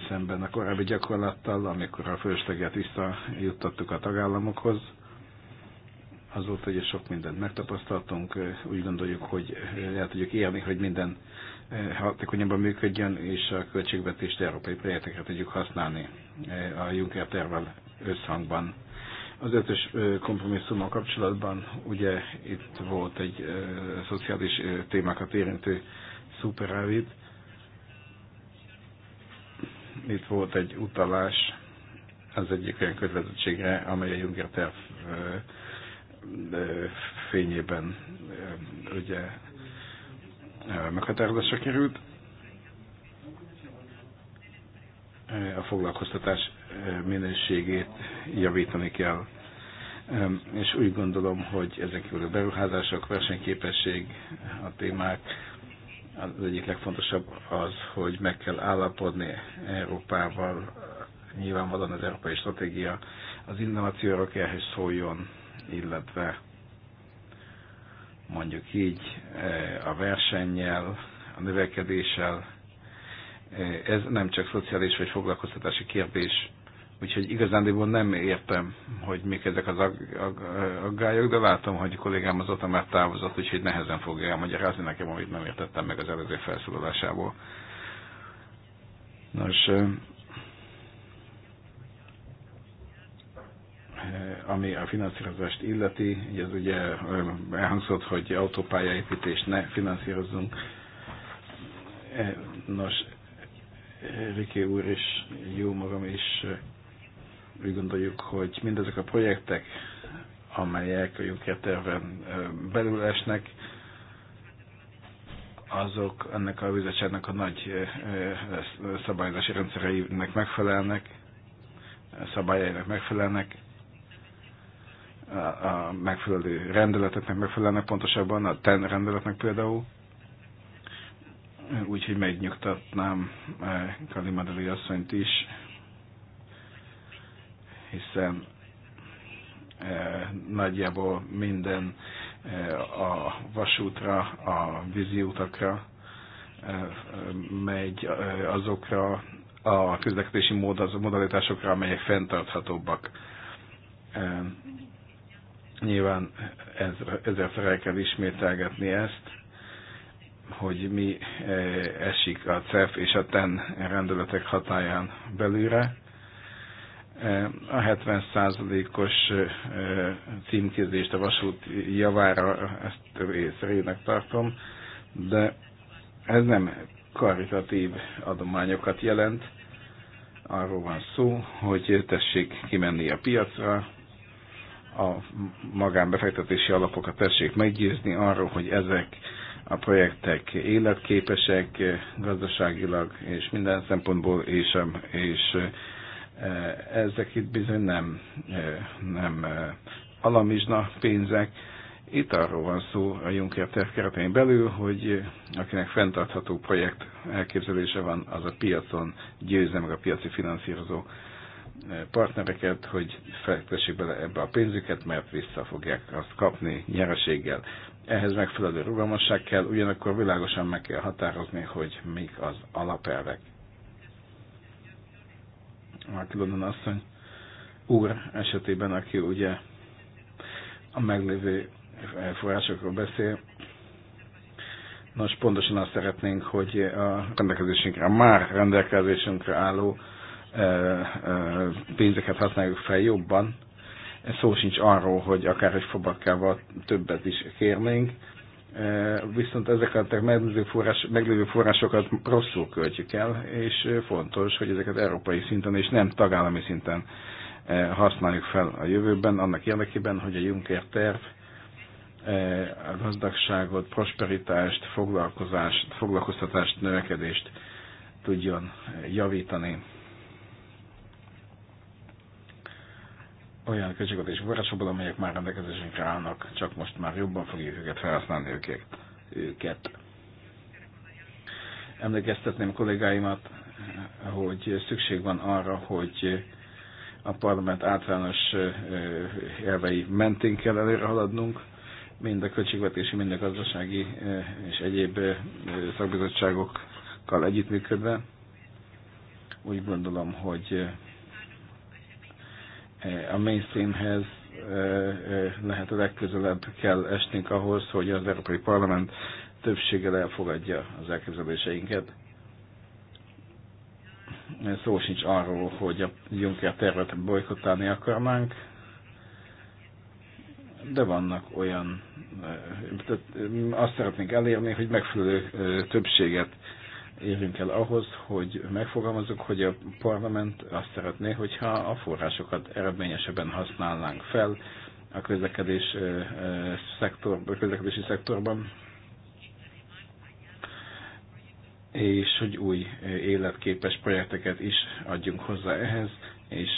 Speaker 4: szemben a korábbi gyakorlattal, amikor a fősteget visszajuttattuk a tagállamokhoz. Azóta ugye sok mindent megtapasztaltunk, úgy gondoljuk, hogy el tudjuk élni, hogy minden hatékonyabban működjön, és a költségvetést európai projektekre tudjuk használni a Juncker tervvel összhangban az ötös kompromisszummal kapcsolatban ugye itt volt egy szociális e, témákat érintő szuperávit. Itt volt egy utalás az egyik olyan kötelezettségre, amely a Junger terv fényében ugye meghatározásra került. A foglalkoztatás minőségét javítani kell. És úgy gondolom, hogy ezek a beruházások, versenyképesség a témák, az egyik legfontosabb az, hogy meg kell állapodni Európával, nyilvánvalóan az európai stratégia az innovációra kell, hogy szóljon, illetve mondjuk így e, a versennyel, a növekedéssel. E, ez nem csak szociális vagy foglalkoztatási kérdés, Úgyhogy igazándiból nem értem, hogy mik ezek az ag- ag- aggályok, de látom, hogy a kollégám azóta már távozott, úgyhogy nehezen fogja elmagyarázni nekem, amit nem értettem meg az előző felszólalásából. Nos, ami a finanszírozást illeti, ez ugye elhangzott, hogy autópályaépítést ne finanszírozzunk. Nos, Riki úr is, jó magam is úgy gondoljuk, hogy mindezek a projektek, amelyek a Juncker terven belül esnek, azok ennek a bizottságnak a nagy szabályozási rendszereinek megfelelnek, szabályainak megfelelnek, a megfelelő rendeleteknek megfelelnek, pontosabban a TEN rendeletnek például. Úgyhogy megnyugtatnám Kalimadeli asszonyt is, hiszen eh, nagyjából minden eh, a vasútra, a vízi utakra eh, megy azokra a közlekedési mód, az modalitásokra, amelyek fenntarthatóbbak. Nyilván ez, ezért fel kell ismételgetni ezt, hogy mi esik a CEF és a TEN rendeletek hatáján belőle Eh, a 70%-os eh, címkézést a vasút javára, ezt észrevének tartom, de ez nem karitatív adományokat jelent. Arról van szó, hogy tessék kimenni a piacra, a magánbefektetési alapokat tessék meggyőzni arról, hogy ezek a projektek életképesek gazdaságilag és minden szempontból, és, és Eh, ezek itt bizony nem, eh, nem eh, alamizsna pénzek. Itt arról van szó a Juncker terv keretein belül, hogy akinek fenntartható projekt elképzelése van, az a piacon győzze meg a piaci finanszírozó partnereket, hogy fektessék bele ebbe a pénzüket, mert vissza fogják azt kapni nyereséggel. Ehhez megfelelő rugalmasság kell, ugyanakkor világosan meg kell határozni, hogy mik az alapelvek Maclonan asszony úr esetében, aki ugye a meglévő forrásokról beszél. Nos, pontosan azt szeretnénk, hogy a rendelkezésünkre, a már rendelkezésünkre álló eh, eh, pénzeket használjuk fel jobban. Szó sincs arról, hogy akár egy fobakkával többet is kérnénk, E, viszont ezeket a forrás, meglévő forrásokat rosszul költjük el, és e, fontos, hogy ezeket európai szinten és nem tagállami szinten e, használjuk fel a jövőben, annak érdekében, hogy a Juncker terv a gazdagságot, prosperitást, foglalkozást, foglalkoztatást, növekedést tudjon javítani. olyan költségvetési forrásokból, amelyek már rendelkezésünkre állnak, csak most már jobban fogjuk őket felhasználni őket. őket. Emlékeztetném kollégáimat, hogy szükség van arra, hogy a parlament általános elvei mentén kell előre haladnunk, mind a költségvetési, mind a gazdasági és egyéb szakbizottságokkal együttműködve. Úgy gondolom, hogy a mainstreamhez lehet a legközelebb kell esnünk ahhoz, hogy az Európai Parlament többséggel elfogadja az elképzeléseinket. Szó sincs arról, hogy a Juncker tervet bolykottálni akarnánk, de vannak olyan, tehát azt szeretnénk elérni, hogy megfelelő többséget érünk el ahhoz, hogy megfogalmazok, hogy a parlament azt szeretné, hogyha a forrásokat eredményesebben használnánk fel a közlekedés szektor, a közlekedési szektorban, és hogy új életképes projekteket is adjunk hozzá ehhez, és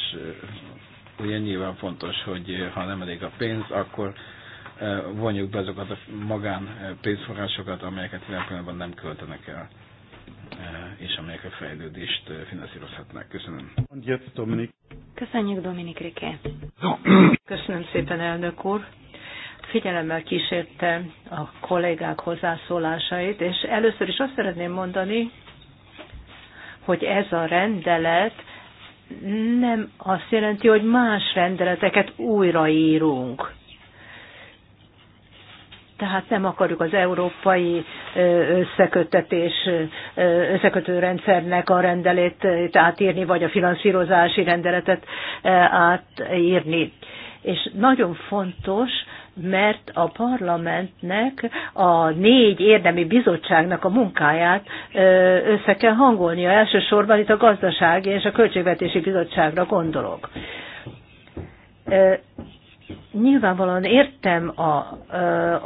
Speaker 4: ugye nyilván fontos, hogy ha nem elég a pénz, akkor vonjuk be azokat a magán pénzforrásokat, amelyeket jelen pillanatban nem költenek el. Eh, és amelyek a fejlődést eh,
Speaker 2: finanszírozhatnak. Köszönöm. Dominik.
Speaker 3: Köszönjük, Dominik Rike. Köszönöm szépen, elnök úr figyelemmel kísérte a kollégák hozzászólásait, és először is azt szeretném mondani, hogy ez a rendelet nem azt jelenti, hogy más rendeleteket újraírunk. Tehát nem akarjuk az európai összekötetés, összekötő rendszernek a rendelét átírni, vagy a finanszírozási rendeletet átírni. És nagyon fontos, mert a parlamentnek a négy érdemi bizottságnak a munkáját össze kell hangolnia. Elsősorban itt a gazdasági és a költségvetési bizottságra gondolok Nyilvánvalóan értem a,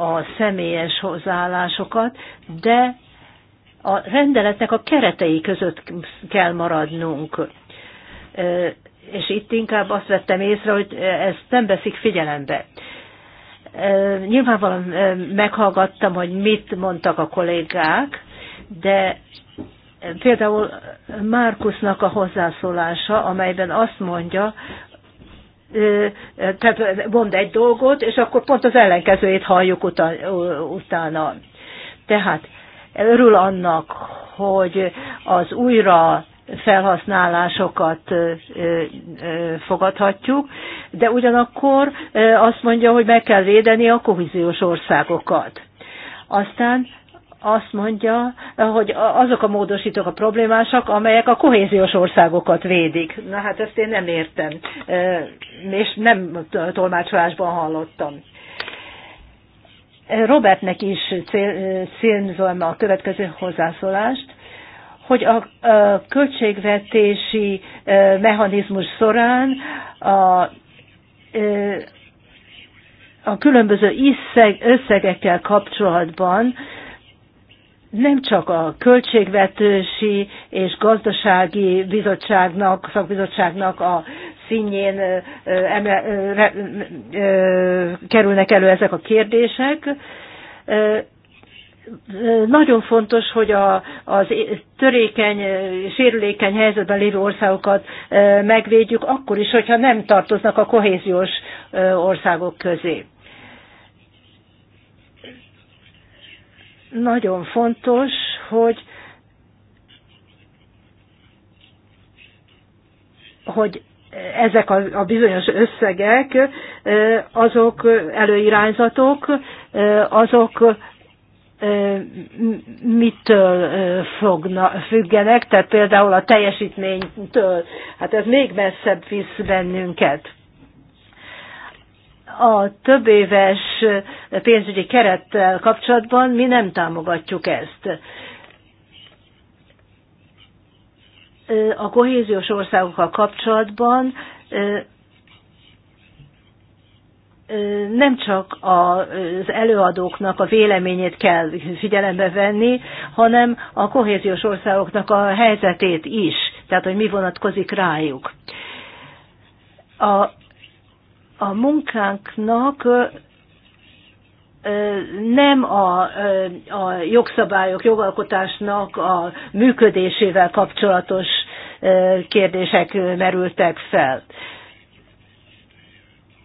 Speaker 3: a személyes hozzáállásokat, de a rendeletnek a keretei között kell maradnunk. És itt inkább azt vettem észre, hogy ezt nem veszik figyelembe. Nyilvánvalóan meghallgattam, hogy mit mondtak a kollégák, de például Márkusznak a hozzászólása, amelyben azt mondja, tehát mond egy dolgot, és akkor pont az ellenkezőjét halljuk utána. Tehát örül annak, hogy az újra felhasználásokat fogadhatjuk, de ugyanakkor azt mondja, hogy meg kell védeni a kohéziós országokat. Aztán azt mondja, hogy azok a módosítók a problémásak, amelyek a kohéziós országokat védik. Na hát ezt én nem értem, e, és nem tolmácsolásban hallottam. Robertnek is e, célzom a következő hozzászólást, hogy a költségvetési e, mechanizmus során a a különböző összegekkel kapcsolatban nem csak a költségvetési és gazdasági bizottságnak, szakbizottságnak a színjén kerülnek elő ezek a kérdések. Nagyon fontos, hogy a, az törékeny, sérülékeny helyzetben lévő országokat megvédjük, akkor is, hogyha nem tartoznak a kohéziós országok közé nagyon fontos, hogy hogy ezek a, a bizonyos összegek, azok előirányzatok, azok mitől fogna, függenek, tehát például a teljesítménytől. Hát ez még messzebb visz bennünket a több éves pénzügyi kerettel kapcsolatban mi nem támogatjuk ezt. A kohéziós országokkal kapcsolatban nem csak az előadóknak a véleményét kell figyelembe venni, hanem a kohéziós országoknak a helyzetét is, tehát hogy mi vonatkozik rájuk. A a munkánknak nem a, a jogszabályok, jogalkotásnak a működésével kapcsolatos kérdések merültek fel.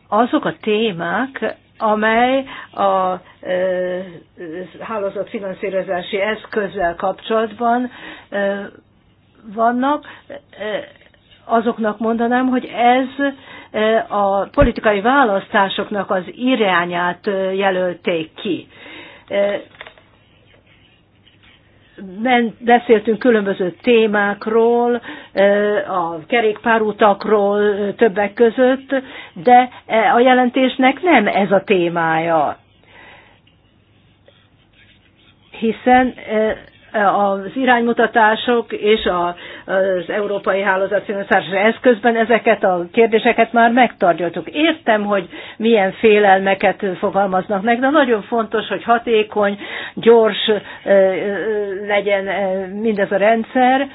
Speaker 3: Azok a témák, amely a hálózat finanszírozási eszközzel kapcsolatban vannak, azoknak mondanám, hogy ez e, a politikai választásoknak az irányát e, jelölték ki. E, men, beszéltünk különböző témákról, a kerékpárutakról többek között, de a jelentésnek nem ez a témája. Hiszen az iránymutatások és az Európai Hálózat finanszírozása eszközben ezeket a kérdéseket már megtartjuk. Értem, hogy milyen félelmeket fogalmaznak meg, de nagyon fontos, hogy hatékony, gyors legyen mindez a rendszer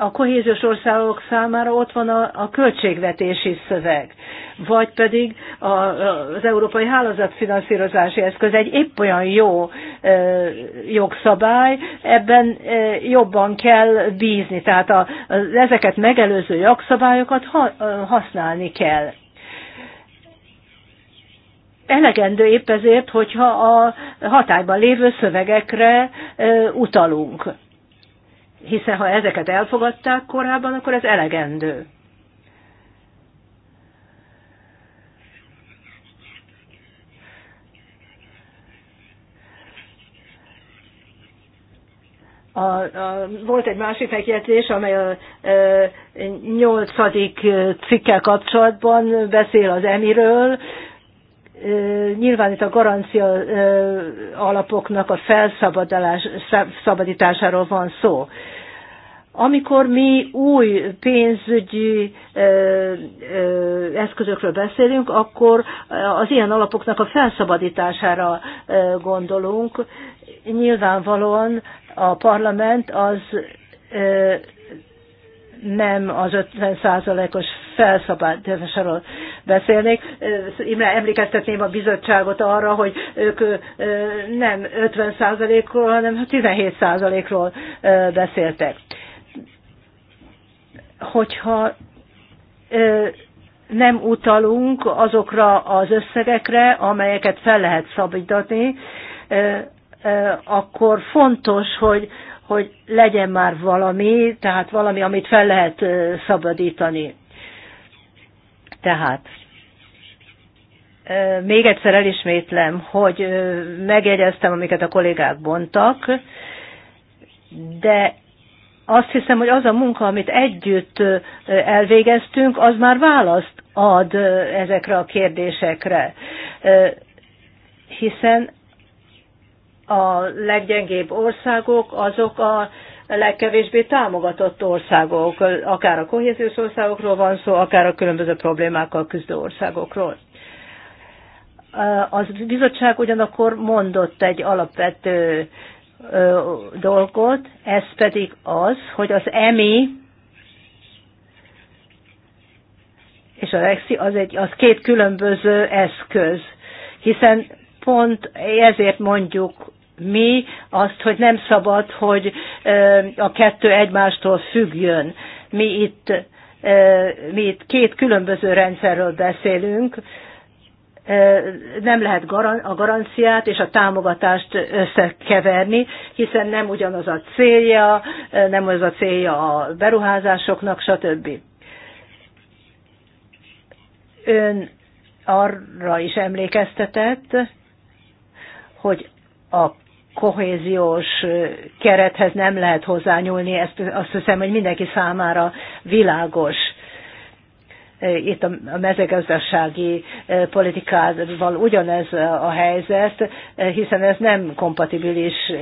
Speaker 3: a kohéziós országok számára ott van a, a költségvetési szöveg, vagy pedig a, az Európai Hálózatfinanszírozási Eszköz egy épp olyan jó e, jogszabály, ebben e, jobban kell bízni, tehát a, az, ezeket megelőző jogszabályokat ha, használni kell elegendő épp ezért, hogyha a hatályban lévő szövegekre utalunk hiszen ha ezeket elfogadták korábban, akkor ez elegendő. a, a, volt egy másik megjegyzés, amely a e, nyolcadik cikkel kapcsolatban beszél az emiről, nyilván itt a garancia alapoknak a felszabadításáról van szó. Amikor mi új pénzügyi eszközökről beszélünk, akkor az ilyen alapoknak a felszabadítására gondolunk. Nyilvánvalóan a parlament az nem az 50%-os felszabadításról beszélnék. Imre emlékeztetném a bizottságot arra, hogy ők nem 50%-ról, hanem 17%-ról beszéltek. Hogyha nem utalunk azokra az összegekre, amelyeket fel lehet szabadítani, akkor fontos, hogy hogy legyen már valami, tehát valami, amit fel lehet szabadítani. Tehát még egyszer elismétlem, hogy megjegyeztem, amiket a kollégák bontak, de azt hiszem, hogy az a munka, amit együtt elvégeztünk, az már választ ad ezekre a kérdésekre, hiszen a leggyengébb országok azok a legkevésbé támogatott országok, akár a kohéziós országokról van szó, akár a különböző problémákkal küzdő országokról. Az bizottság ugyanakkor mondott egy alapvető dolgot, ez pedig az, hogy az EMI és a REXI az, egy, az két különböző eszköz, hiszen pont ezért mondjuk mi azt, hogy nem szabad, hogy a kettő egymástól függjön. Mi itt, mi itt két különböző rendszerről beszélünk, nem lehet a garanciát és a támogatást összekeverni, hiszen nem ugyanaz a célja, nem az a célja a beruházásoknak, stb. Ön arra is emlékeztetett, hogy a kohéziós kerethez nem lehet hozzányúlni, ezt azt hiszem, hogy mindenki számára világos. Itt a mezőgazdasági politikával ugyanez a helyzet, hiszen ez nem kompatibilis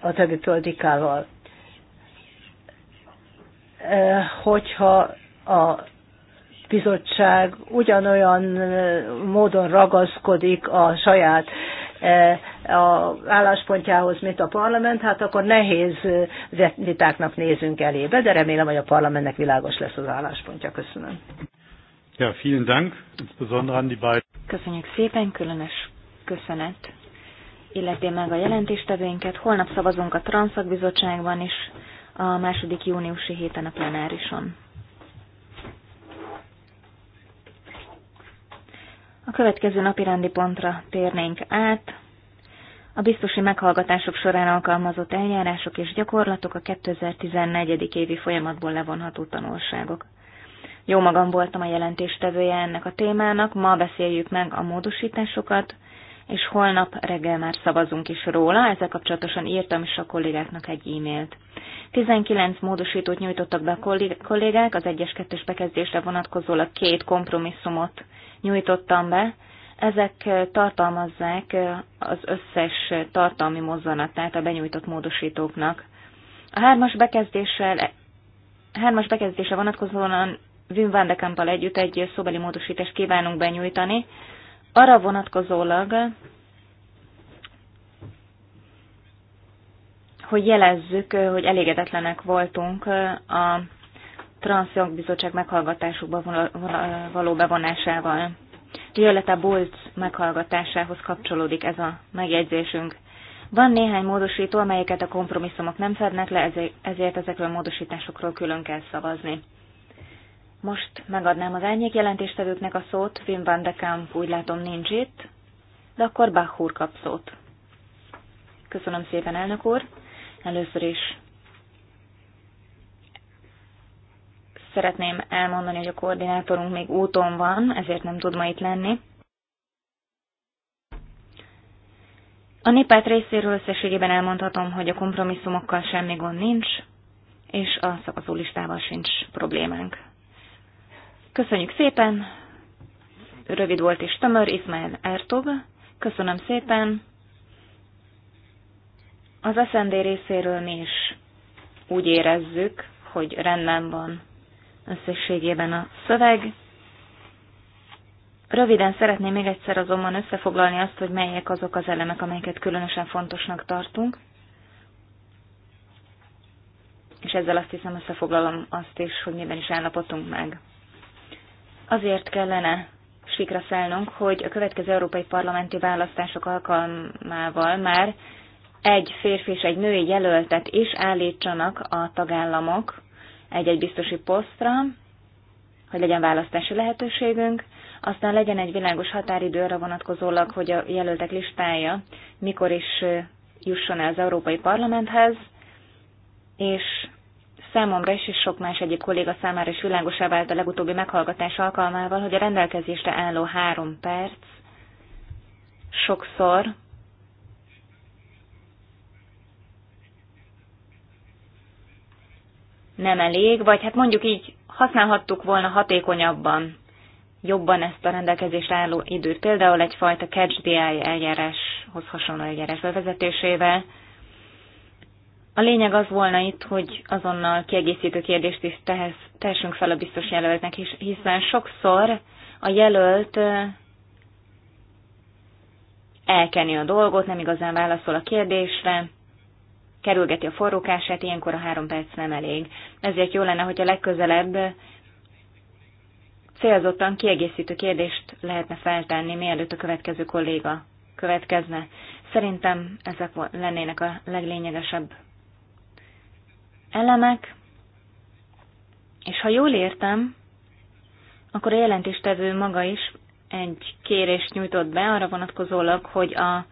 Speaker 3: a többi politikával. Hogyha a bizottság ugyanolyan módon ragaszkodik a saját a álláspontjához, mint a parlament, hát akkor nehéz vitáknak nézünk elébe, de remélem, hogy a parlamentnek világos lesz az álláspontja. Köszönöm.
Speaker 2: Ja, vielen Dank, insbesondere an die beiden.
Speaker 3: Köszönjük szépen, különös köszönet.
Speaker 1: illetve meg a jelentéstevőinket. Holnap szavazunk a Transzakbizottságban is, a második júniusi héten a plenárison. A következő napi rendi pontra térnénk át a biztosi meghallgatások során alkalmazott eljárások és gyakorlatok a 2014. évi folyamatból levonható tanulságok. Jó magam voltam a jelentéstevője ennek a témának, ma beszéljük meg a módosításokat, és holnap reggel már szavazunk is róla, ezzel kapcsolatosan írtam is a kollégáknak egy e-mailt. 19 módosítót nyújtottak be a kollégák, az 1-es 2 bekezdésre vonatkozólag két kompromisszumot nyújtottam be, ezek tartalmazzák az összes tartalmi mozzanatát a benyújtott módosítóknak. A hármas bekezdéssel, hármas bekezdése vonatkozóan Wim van de Kampal együtt egy szóbeli módosítást kívánunk benyújtani. Arra vonatkozólag, hogy jelezzük, hogy elégedetlenek voltunk a Transzjogbizottság meghallgatásukba való bevonásával. Violeta Bolc meghallgatásához kapcsolódik ez a megjegyzésünk. Van néhány módosító, amelyeket a kompromisszumok nem fednek le, ezért ezekről a módosításokról külön kell szavazni. Most megadnám az árnyék jelentéstevőknek a szót, Wim van de Kamp úgy látom nincs itt, de akkor Bach úr kap szót. Köszönöm szépen, elnök úr. Először is Szeretném elmondani, hogy a koordinátorunk még úton van, ezért nem tud ma itt lenni. A népát részéről összességében elmondhatom, hogy a kompromisszumokkal semmi gond nincs, és a szavazólistával sincs problémánk. Köszönjük szépen! Rövid volt és tömör, Ismael Ertog. Köszönöm szépen! Az SND részéről mi is úgy érezzük, hogy rendben van összességében a szöveg. Röviden szeretném még egyszer azonban összefoglalni azt, hogy melyek azok az elemek, amelyeket különösen fontosnak tartunk. És ezzel azt hiszem összefoglalom azt is, hogy miben is állapotunk meg. Azért kellene sikra szállnunk, hogy a következő európai parlamenti választások alkalmával már egy férfi és egy női jelöltet is állítsanak a tagállamok egy-egy biztosi posztra, hogy legyen választási lehetőségünk, aztán legyen egy világos határidőre vonatkozólag, hogy a jelöltek listája mikor is jusson el az Európai Parlamenthez, és számomra is, és sok más egyik kolléga számára is világosá vált a legutóbbi meghallgatás alkalmával, hogy a rendelkezésre álló három perc sokszor nem elég, vagy hát mondjuk így használhattuk volna hatékonyabban, jobban ezt a rendelkezésre álló időt, például egyfajta catch DI eljáráshoz hasonló eljárás bevezetésével. A lényeg az volna itt, hogy azonnal kiegészítő kérdést is tehez, tessünk fel a biztos jelöltnek, hiszen sokszor a jelölt elkeni a dolgot, nem igazán válaszol a kérdésre, kerülgeti a forrókását, ilyenkor a három perc nem elég. Ezért jó lenne, hogy a legközelebb célzottan kiegészítő kérdést lehetne feltenni, mielőtt a következő kolléga következne. Szerintem ezek lennének a leglényegesebb elemek, és ha jól értem, akkor a jelentéstevő maga is egy kérést nyújtott be arra vonatkozólag, hogy a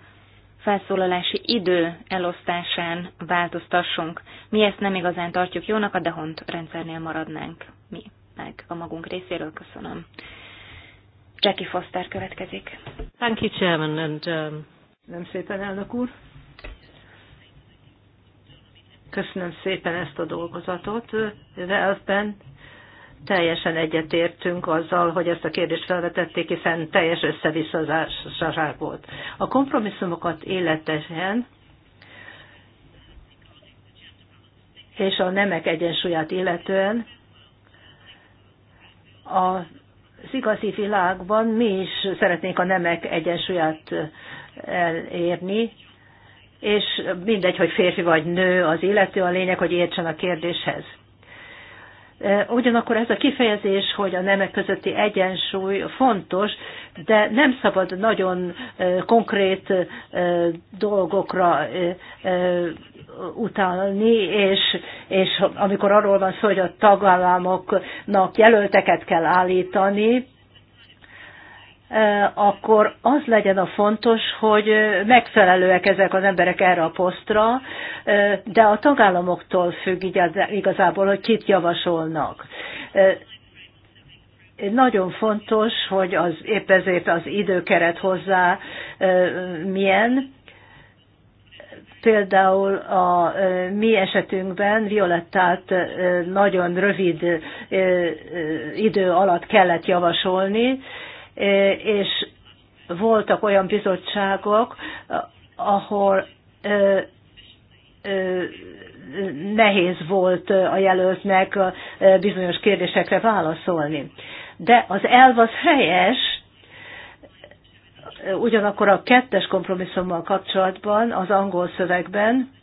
Speaker 1: felszólalási idő elosztásán változtassunk. Mi ezt nem igazán tartjuk jónak, a dehont rendszernél maradnánk mi meg a magunk részéről. Köszönöm.
Speaker 3: Jackie Foster következik. Thank you, Chairman. And, um... Nem szépen, elnök úr. Köszönöm szépen ezt a dolgozatot. ben teljesen egyetértünk azzal, hogy ezt a kérdést felvetették, hiszen teljes összevisszazás volt. A kompromisszumokat életesen és a nemek egyensúlyát illetően az igazi világban mi is szeretnénk a nemek egyensúlyát elérni, és mindegy, hogy férfi vagy nő az illető, a lényeg, hogy értsen a kérdéshez Ugyanakkor ez a kifejezés, hogy a nemek közötti egyensúly fontos, de nem szabad nagyon konkrét dolgokra utalni, és, és amikor arról van szó, hogy a tagállamoknak jelölteket kell állítani, akkor az legyen a fontos, hogy megfelelőek ezek az emberek erre a posztra, de a tagállamoktól függ igazából, hogy kit javasolnak. Nagyon fontos, hogy az, épp ezért az időkeret hozzá milyen. Például a mi esetünkben Violettát nagyon rövid idő alatt kellett javasolni, és voltak olyan bizottságok, ahol nehéz volt a jelöltnek bizonyos kérdésekre válaszolni. De az elv az helyes, ugyanakkor a kettes kompromisszummal kapcsolatban, az angol szövegben,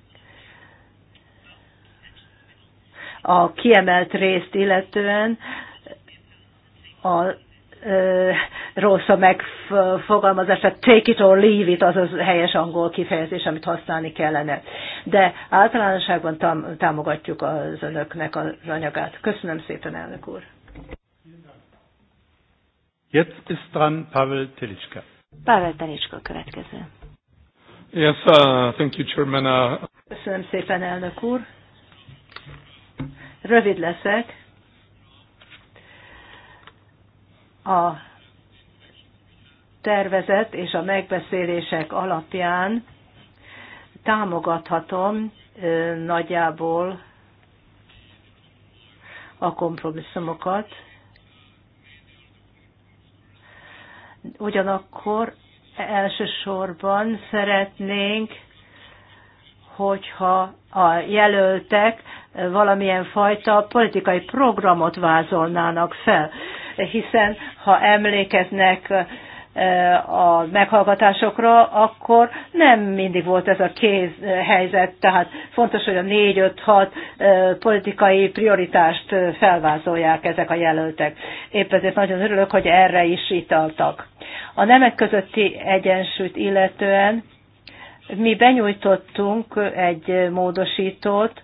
Speaker 3: a kiemelt részt illetően a rossz a megfogalmazás, tehát take it or leave it, az az helyes angol kifejezés, amit használni kellene. De általánosságban tám- támogatjuk az önöknek az anyagát. Köszönöm szépen, elnök úr.
Speaker 2: Jetzt ist dran Pavel Telicska.
Speaker 3: Pavel Telicska következő.
Speaker 2: Yes, uh, thank you, Chairman. Uh...
Speaker 3: Köszönöm szépen, elnök úr. Rövid leszek A tervezet és a megbeszélések alapján támogathatom nagyjából a kompromisszumokat. Ugyanakkor elsősorban szeretnénk, hogyha a jelöltek valamilyen fajta politikai programot vázolnának fel hiszen ha emlékeznek a meghallgatásokra, akkor nem mindig volt ez a kéz helyzet, tehát fontos, hogy a 4-5-6 politikai prioritást felvázolják ezek a jelöltek. Épp ezért nagyon örülök, hogy erre is italtak. A nemek közötti egyensúlyt illetően mi benyújtottunk egy módosítót,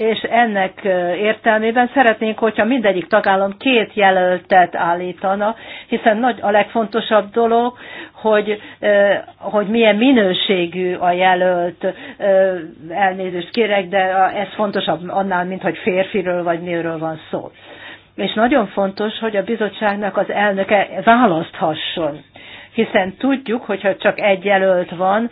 Speaker 3: és ennek értelmében szeretnénk, hogyha mindegyik tagállam két jelöltet állítana, hiszen nagy, a legfontosabb dolog, hogy, hogy milyen minőségű a jelölt, elnézést kérek, de ez fontosabb annál, mint hogy férfiről vagy nőről van szó. És nagyon fontos, hogy a bizottságnak az elnöke választhasson hiszen tudjuk, hogyha csak egy jelölt van,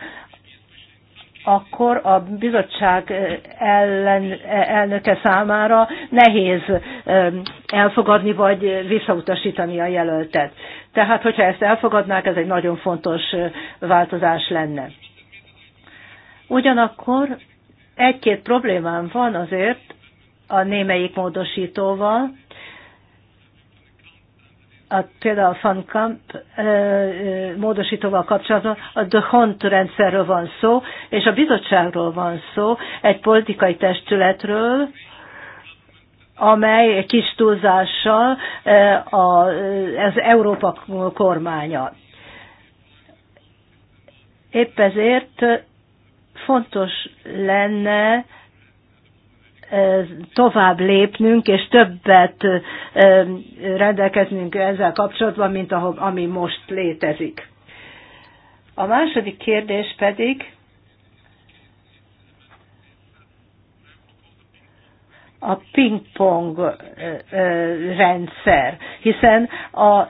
Speaker 3: akkor a bizottság eh, ellen, eh, elnöke számára nehéz eh, elfogadni vagy visszautasítani a jelöltet. Tehát, hogyha ezt elfogadnák, ez egy nagyon fontos változás lenne. Ugyanakkor egy-két problémám van azért a némelyik módosítóval, a, például a Van Kamp e, e, módosítóval kapcsolatban a The Hunt rendszerről van szó, és a bizottságról van szó, egy politikai testületről, amely egy kis túlzással e, a, az Európa kormánya. Épp ezért fontos lenne tovább lépnünk, és többet rendelkeznünk ezzel kapcsolatban, mint ami most létezik. A második kérdés pedig a pingpong rendszer, hiszen a,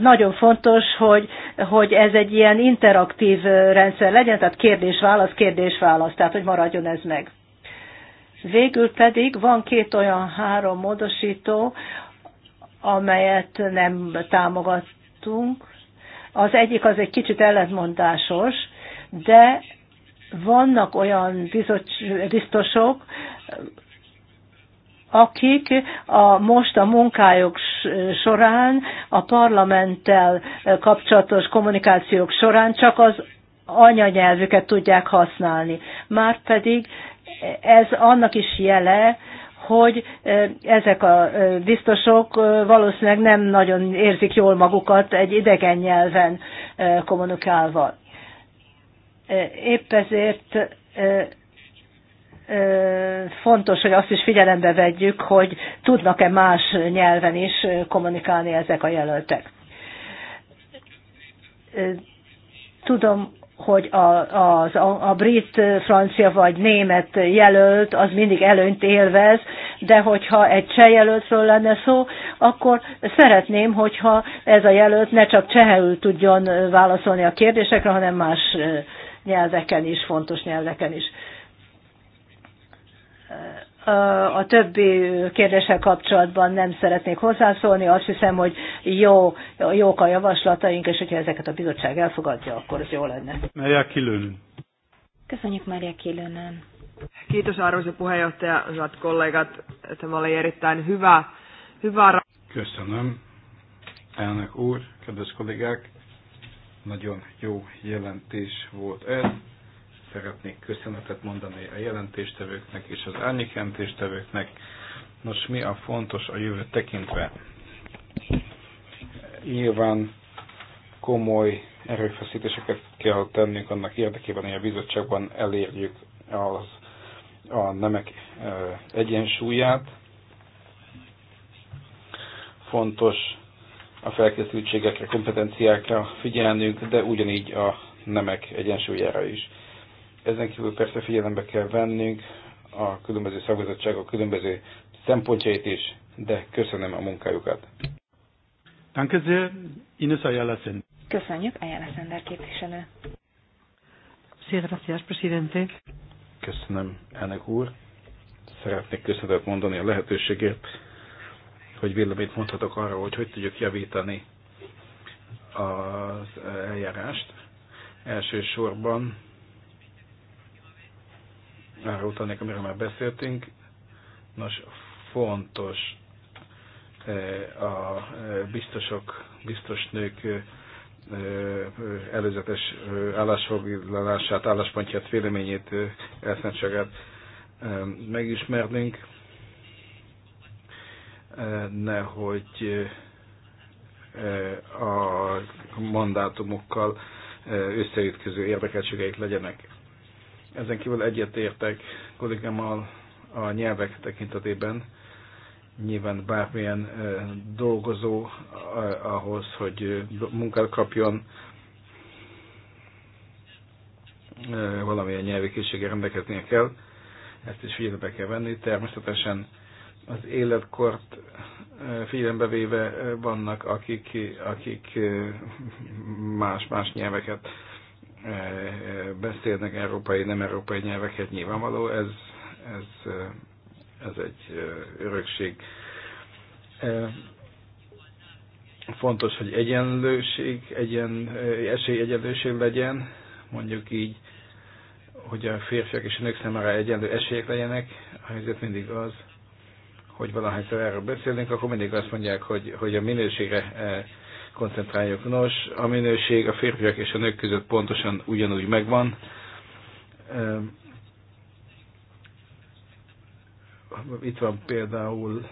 Speaker 3: nagyon fontos, hogy, hogy ez egy ilyen interaktív rendszer legyen, tehát kérdés-válasz, kérdés-válasz, tehát hogy maradjon ez meg. Végül pedig van két olyan három módosító, amelyet nem támogattunk. Az egyik az egy kicsit ellentmondásos, de vannak olyan biztosok, akik a, most a munkájuk során, a parlamenttel kapcsolatos kommunikációk során csak az anyanyelvüket tudják használni. Márpedig ez annak is jele, hogy ezek a biztosok valószínűleg nem nagyon érzik jól magukat egy idegen nyelven kommunikálva. Épp ezért fontos, hogy azt is figyelembe vegyük, hogy tudnak-e más nyelven is kommunikálni ezek a jelöltek. Tudom, hogy a, a, a brit, francia vagy német jelölt az mindig előnyt élvez, de hogyha egy cseh jelöltről lenne szó, akkor szeretném, hogyha ez a jelölt ne csak csehül tudjon válaszolni a kérdésekre, hanem más eh, nyelveken is, fontos nyelveken is eh, a többi kérdéssel kapcsolatban nem szeretnék hozzászólni. Azt hiszem, hogy jó, jók a javaslataink, és hogyha ezeket a bizottság elfogadja, akkor az jó lenne.
Speaker 5: Mária Kilőnen.
Speaker 1: Köszönjük Merja Kilőnen.
Speaker 5: Kiitos arvoisa puheenjohtaja, hyvät kollegat. Tämä oli erittäin hyvä, hyvä...
Speaker 4: Köszönöm, elnök úr, kedves kollégák. Nagyon jó jelentés volt ez szeretnék köszönetet mondani a jelentéstevőknek és az árnyékjelentéstevőknek. Nos, mi a fontos a jövőt tekintve? Nyilván komoly erőfeszítéseket kell tennünk annak érdekében, hogy a bizottságban elérjük az, a nemek egyensúlyát. Fontos a felkészültségekre, kompetenciákra figyelnünk, de ugyanígy a nemek egyensúlyára is. Ezen kívül persze figyelembe kell vennünk a különböző szakbizottságok különböző szempontjait is, de köszönöm
Speaker 2: a munkájukat. Danke sehr, Ines Ayala
Speaker 1: Köszönjük, Ayala
Speaker 3: Sender képviselő. Sí, gracias, presidente.
Speaker 2: Köszönöm,
Speaker 4: elnök úr. Szeretnék köszönetet mondani a lehetőségért, hogy véleményt mondhatok arra, hogy hogy tudjuk javítani az eljárást. Elsősorban arra utalnék, amiről már beszéltünk. Nos, fontos eh, a eh, biztosok, biztos nők eh, előzetes állásfoglalását, álláspontját, véleményét, elszentséget megismernünk, nehogy a mandátumokkal összeütköző érdekeltségeik legyenek. Ezen kívül egyetértek kollégámmal a nyelvek tekintetében. Nyilván bármilyen dolgozó ahhoz, hogy munkát kapjon, valamilyen nyelvi készséggel rendelkeznie kell. Ezt is figyelembe kell venni. Természetesen az életkort figyelembe véve vannak, akik, akik más-más nyelveket beszélnek európai, nem európai nyelveket, nyilvánvaló, ez, ez, ez egy örökség. Fontos, hogy egyenlőség, egyen, esély egyenlőség legyen, mondjuk így, hogy a férfiak és a nők számára egyenlő esélyek legyenek, a helyzet mindig az, hogy valahányszor erről beszélünk, akkor mindig azt mondják, hogy, hogy a minőségre koncentráljuk. Nos, a minőség a férfiak és a nők között pontosan ugyanúgy megvan. Ehm, itt van például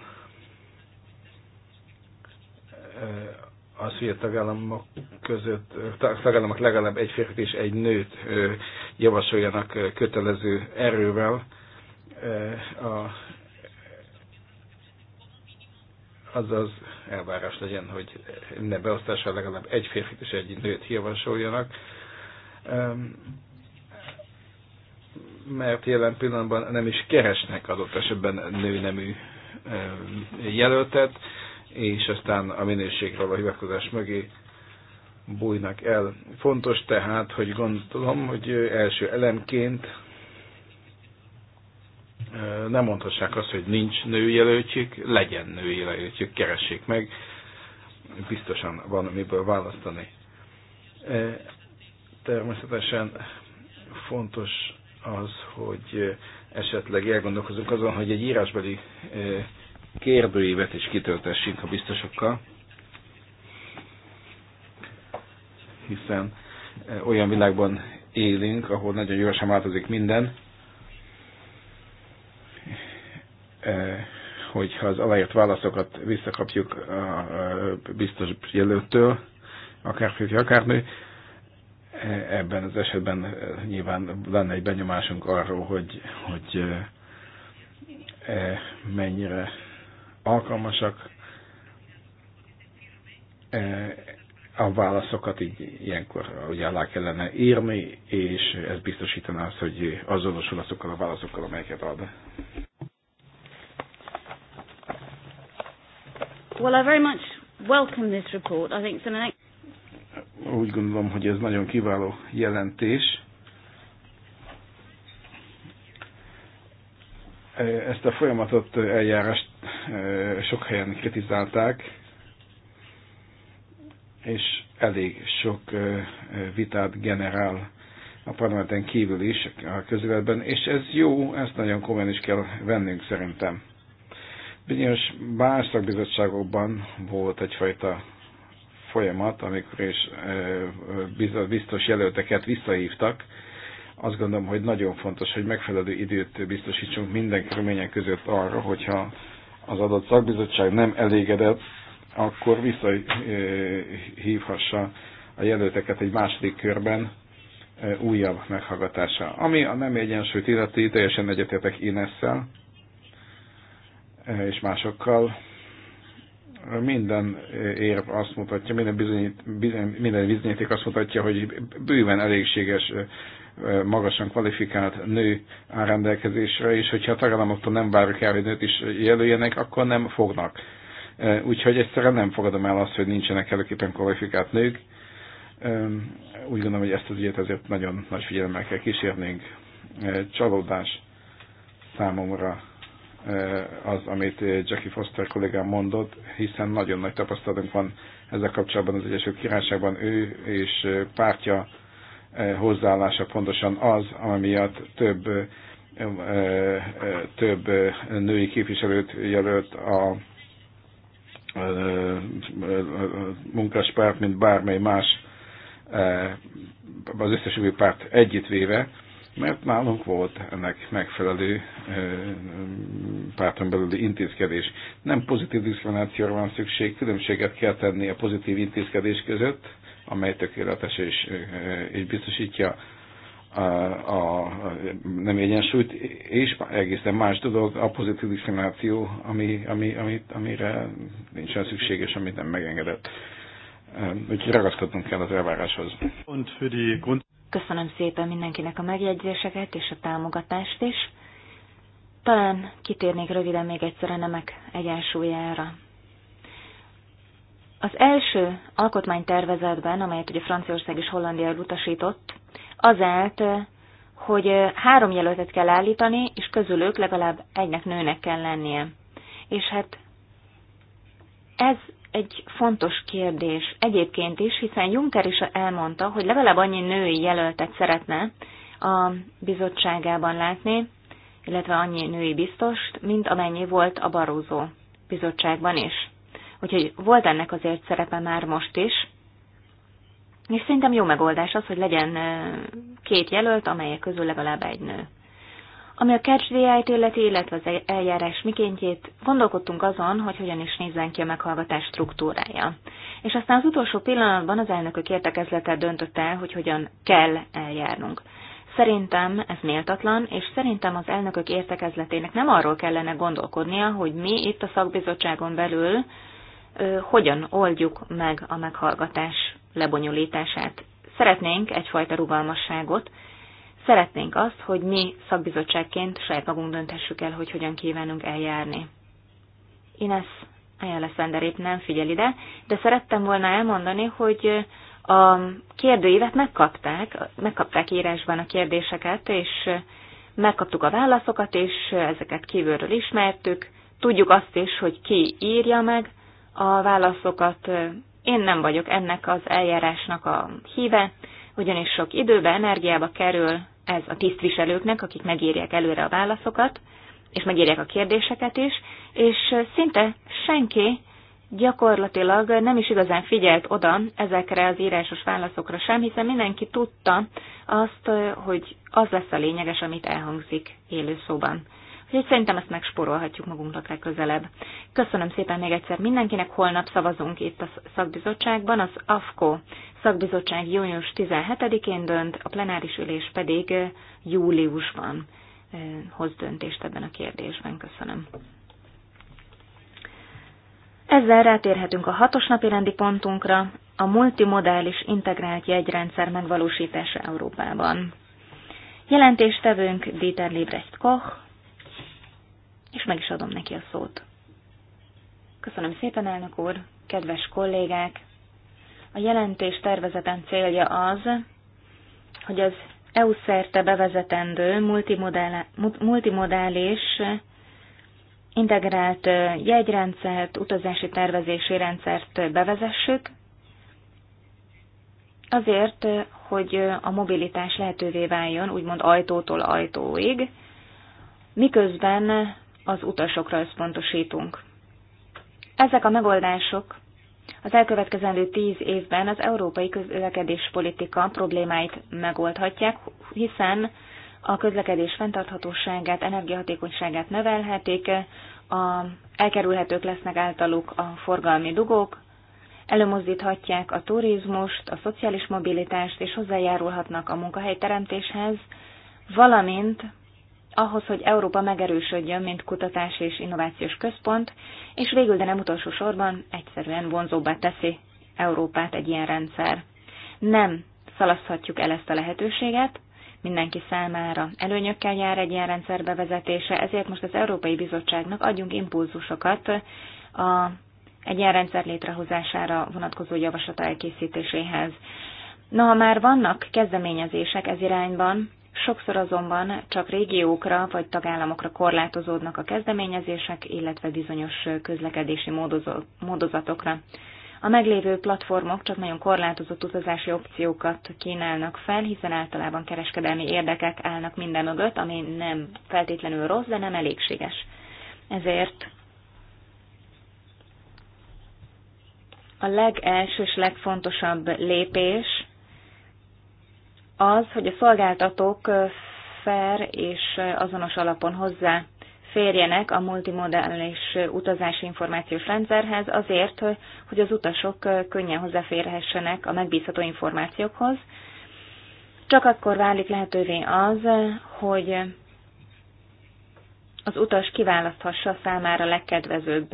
Speaker 4: az, eh, hogy a tagállamok között, eh, tagállamok legalább egy férfit és egy nőt eh, javasoljanak kötelező erővel a azaz elvárás legyen, hogy ne beosztásra legalább egy férfit és egy nőt javasoljanak, mert jelen pillanatban nem is keresnek adott esetben nőnemű jelöltet, és aztán a minőségről a hivatkozás mögé bújnak el. Fontos tehát, hogy gondolom, hogy első elemként nem mondhassák azt, hogy nincs nőjelöltjük, legyen nőjelöltjük, keressék meg, biztosan van miből választani. Természetesen fontos az, hogy esetleg elgondolkozunk azon, hogy egy írásbeli kérdőívet is kitöltessünk a biztosokkal, hiszen olyan világban élünk, ahol nagyon gyorsan változik minden, hogyha az aláírt válaszokat visszakapjuk a biztos jelöltől, akár férfi, akár nő, ebben az esetben eh, nyilván lenne egy benyomásunk arról, hogy, hogy eh, eh, mennyire alkalmasak a válaszokat így ilyenkor ugye alá kellene írni, és ez biztosítaná azt, hogy azonosul azokkal a válaszokkal, amelyeket ad.
Speaker 3: Well, I very much welcome this report. I think it's an
Speaker 4: Úgy gondolom, hogy ez nagyon kiváló jelentés. E, ezt a folyamatot, e, eljárást e, sok helyen kritizálták, és elég sok vitát generál a parlamenten kívül is a közületben, és ez jó, ezt nagyon komolyan is kell vennünk szerintem Bizonyos más szakbizottságokban volt egyfajta folyamat, amikor is e, e, biztos jelölteket visszahívtak. Azt gondolom, hogy nagyon fontos, hogy megfelelő időt biztosítsunk minden körülmények között arra, hogyha az adott szakbizottság nem elégedett, akkor visszahívhassa e, a jelölteket egy második körben újabb meghallgatása. Ami a nem egyensúlyt illeti, teljesen egyetértek Inesszel, és másokkal. Minden érv azt mutatja, minden, bizonyít, minden bizonyíték azt mutatja, hogy bőven elégséges magasan kvalifikált nő áll rendelkezésre, és hogyha a tagállamoktól nem várjuk el, hogy nőt is jelöljenek, akkor nem fognak. Úgyhogy egyszerűen nem fogadom el azt, hogy nincsenek előképpen kvalifikált nők. Úgy gondolom, hogy ezt az ügyet azért nagyon nagy figyelemmel kell kísérnénk. Csalódás számomra Eh, az, amit eh, Jackie Foster kollégám mondott, hiszen nagyon nagy tapasztalatunk van ezzel kapcsolatban az Egyesült Királyságban. Ő és eh, pártja hozzáállása pontosan az, ami miatt több, több női képviselőt jelölt a munkáspárt, mint bármely más az összes új párt együttvéve mert nálunk volt ennek megfelelő párton belüli intézkedés. Nem pozitív diszkriminációra van szükség, különbséget kell tenni a pozitív intézkedés között, amely tökéletes és, és biztosítja a, a nem egyensúlyt, és egészen más dolog a pozitív diszkrimináció, ami, ami, ami, amire nincsen szükséges, amit nem megengedett. Úgyhogy ragaszkodnunk kell az elváráshoz.
Speaker 1: Köszönöm szépen mindenkinek a megjegyzéseket és a támogatást is. Talán kitérnék röviden még egyszer a nemek egyensúlyára. Az első alkotmánytervezetben, amelyet ugye Franciaország és Hollandia utasított, az állt, hogy három jelöltet kell állítani, és közülük legalább egynek nőnek kell lennie. És hát ez egy fontos kérdés egyébként is, hiszen Juncker is elmondta, hogy legalább annyi női jelöltet szeretne a bizottságában látni, illetve annyi női biztost, mint amennyi volt a Barózó bizottságban is. Úgyhogy volt ennek azért szerepe már most is, és szerintem jó megoldás az, hogy legyen két jelölt, amelyek közül legalább egy nő. Ami a catch di illeti, illetve az eljárás mikéntjét, gondolkodtunk azon, hogy hogyan is nézzen ki a meghallgatás struktúrája. És aztán az utolsó pillanatban az elnökök értekezlete döntött el, hogy hogyan kell eljárnunk. Szerintem ez méltatlan, és szerintem az elnökök értekezletének nem arról kellene gondolkodnia, hogy mi itt a szakbizottságon belül ö, hogyan oldjuk meg a meghallgatás lebonyolítását. Szeretnénk egyfajta rugalmasságot, Szeretnénk azt, hogy mi szakbizottságként saját magunk dönthessük el, hogy hogyan kívánunk eljárni. Ines Ayala épp nem figyel ide, de szerettem volna elmondani, hogy a kérdőívet megkapták, megkapták írásban a kérdéseket, és megkaptuk a válaszokat, és ezeket kívülről ismertük. Tudjuk azt is, hogy ki írja meg a válaszokat. Én nem vagyok ennek az eljárásnak a híve, ugyanis sok időbe, energiába kerül ez a tisztviselőknek, akik megírják előre a válaszokat, és megírják a kérdéseket is, és szinte senki gyakorlatilag nem is igazán figyelt oda ezekre az írásos válaszokra sem, hiszen mindenki tudta azt, hogy az lesz a lényeges, amit elhangzik élő szóban. Úgyhogy szerintem ezt megsporolhatjuk magunknak legközelebb. Köszönöm szépen még egyszer mindenkinek, holnap szavazunk itt a szakbizottságban, az AFKO szakbizottság június 17-én dönt, a plenáris ülés pedig júliusban hoz döntést ebben a kérdésben. Köszönöm. Ezzel rátérhetünk a hatos napi rendi pontunkra, a multimodális integrált jegyrendszer megvalósítása Európában. Jelentéstevőnk Dieter Liebrecht Koch, és meg is adom neki a szót. Köszönöm szépen, elnök úr, kedves kollégák! A jelentés tervezeten célja az, hogy az EU szerte bevezetendő multimodális integrált jegyrendszert, utazási tervezési rendszert bevezessük, azért, hogy a mobilitás lehetővé váljon, úgymond ajtótól ajtóig, miközben az utasokra összpontosítunk. Ezek a megoldások az elkövetkezendő tíz évben az európai közlekedés politika problémáit megoldhatják, hiszen a közlekedés fenntarthatóságát, energiahatékonyságát növelhetik, a, elkerülhetők lesznek általuk a forgalmi dugók, előmozdíthatják a turizmust, a szociális mobilitást, és hozzájárulhatnak a munkahelyteremtéshez, valamint ahhoz, hogy Európa megerősödjön, mint kutatás és innovációs központ, és végül, de nem utolsó sorban, egyszerűen vonzóbbá teszi Európát egy ilyen rendszer. Nem szalaszthatjuk el ezt a lehetőséget, mindenki számára előnyökkel jár egy ilyen rendszer bevezetése, ezért most az Európai Bizottságnak adjunk impulzusokat a, egy ilyen rendszer létrehozására vonatkozó javaslata elkészítéséhez. Na, ha már vannak kezdeményezések ez irányban, Sokszor azonban csak régiókra vagy tagállamokra korlátozódnak a kezdeményezések, illetve bizonyos közlekedési módozatokra. A meglévő platformok csak nagyon korlátozott utazási opciókat kínálnak fel, hiszen általában kereskedelmi érdekek állnak minden mögött, ami nem feltétlenül rossz, de nem elégséges. Ezért a legelső és legfontosabb lépés az, hogy a szolgáltatók fair és azonos alapon hozzá férjenek a multimodális utazási információs rendszerhez azért, hogy az utasok könnyen hozzáférhessenek a megbízható információkhoz. Csak akkor válik lehetővé az, hogy az utas kiválaszthassa számára legkedvezőbb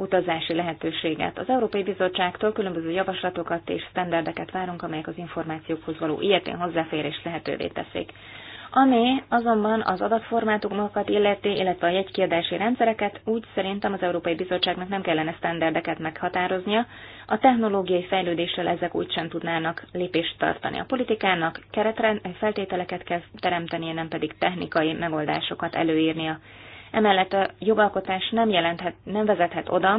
Speaker 1: utazási lehetőséget. Az Európai Bizottságtól különböző javaslatokat és sztenderdeket várunk, amelyek az információkhoz való ilyetén hozzáférést lehetővé teszik. Ami azonban az adatformátumokat illeti, illetve a jegykiadási rendszereket, úgy szerintem az Európai Bizottságnak nem kellene sztenderdeket meghatároznia, a technológiai fejlődéssel ezek úgy sem tudnának lépést tartani. A politikának feltételeket kell teremtenie, nem pedig technikai megoldásokat előírnia. Emellett a jogalkotás nem, jelenthet, nem vezethet oda,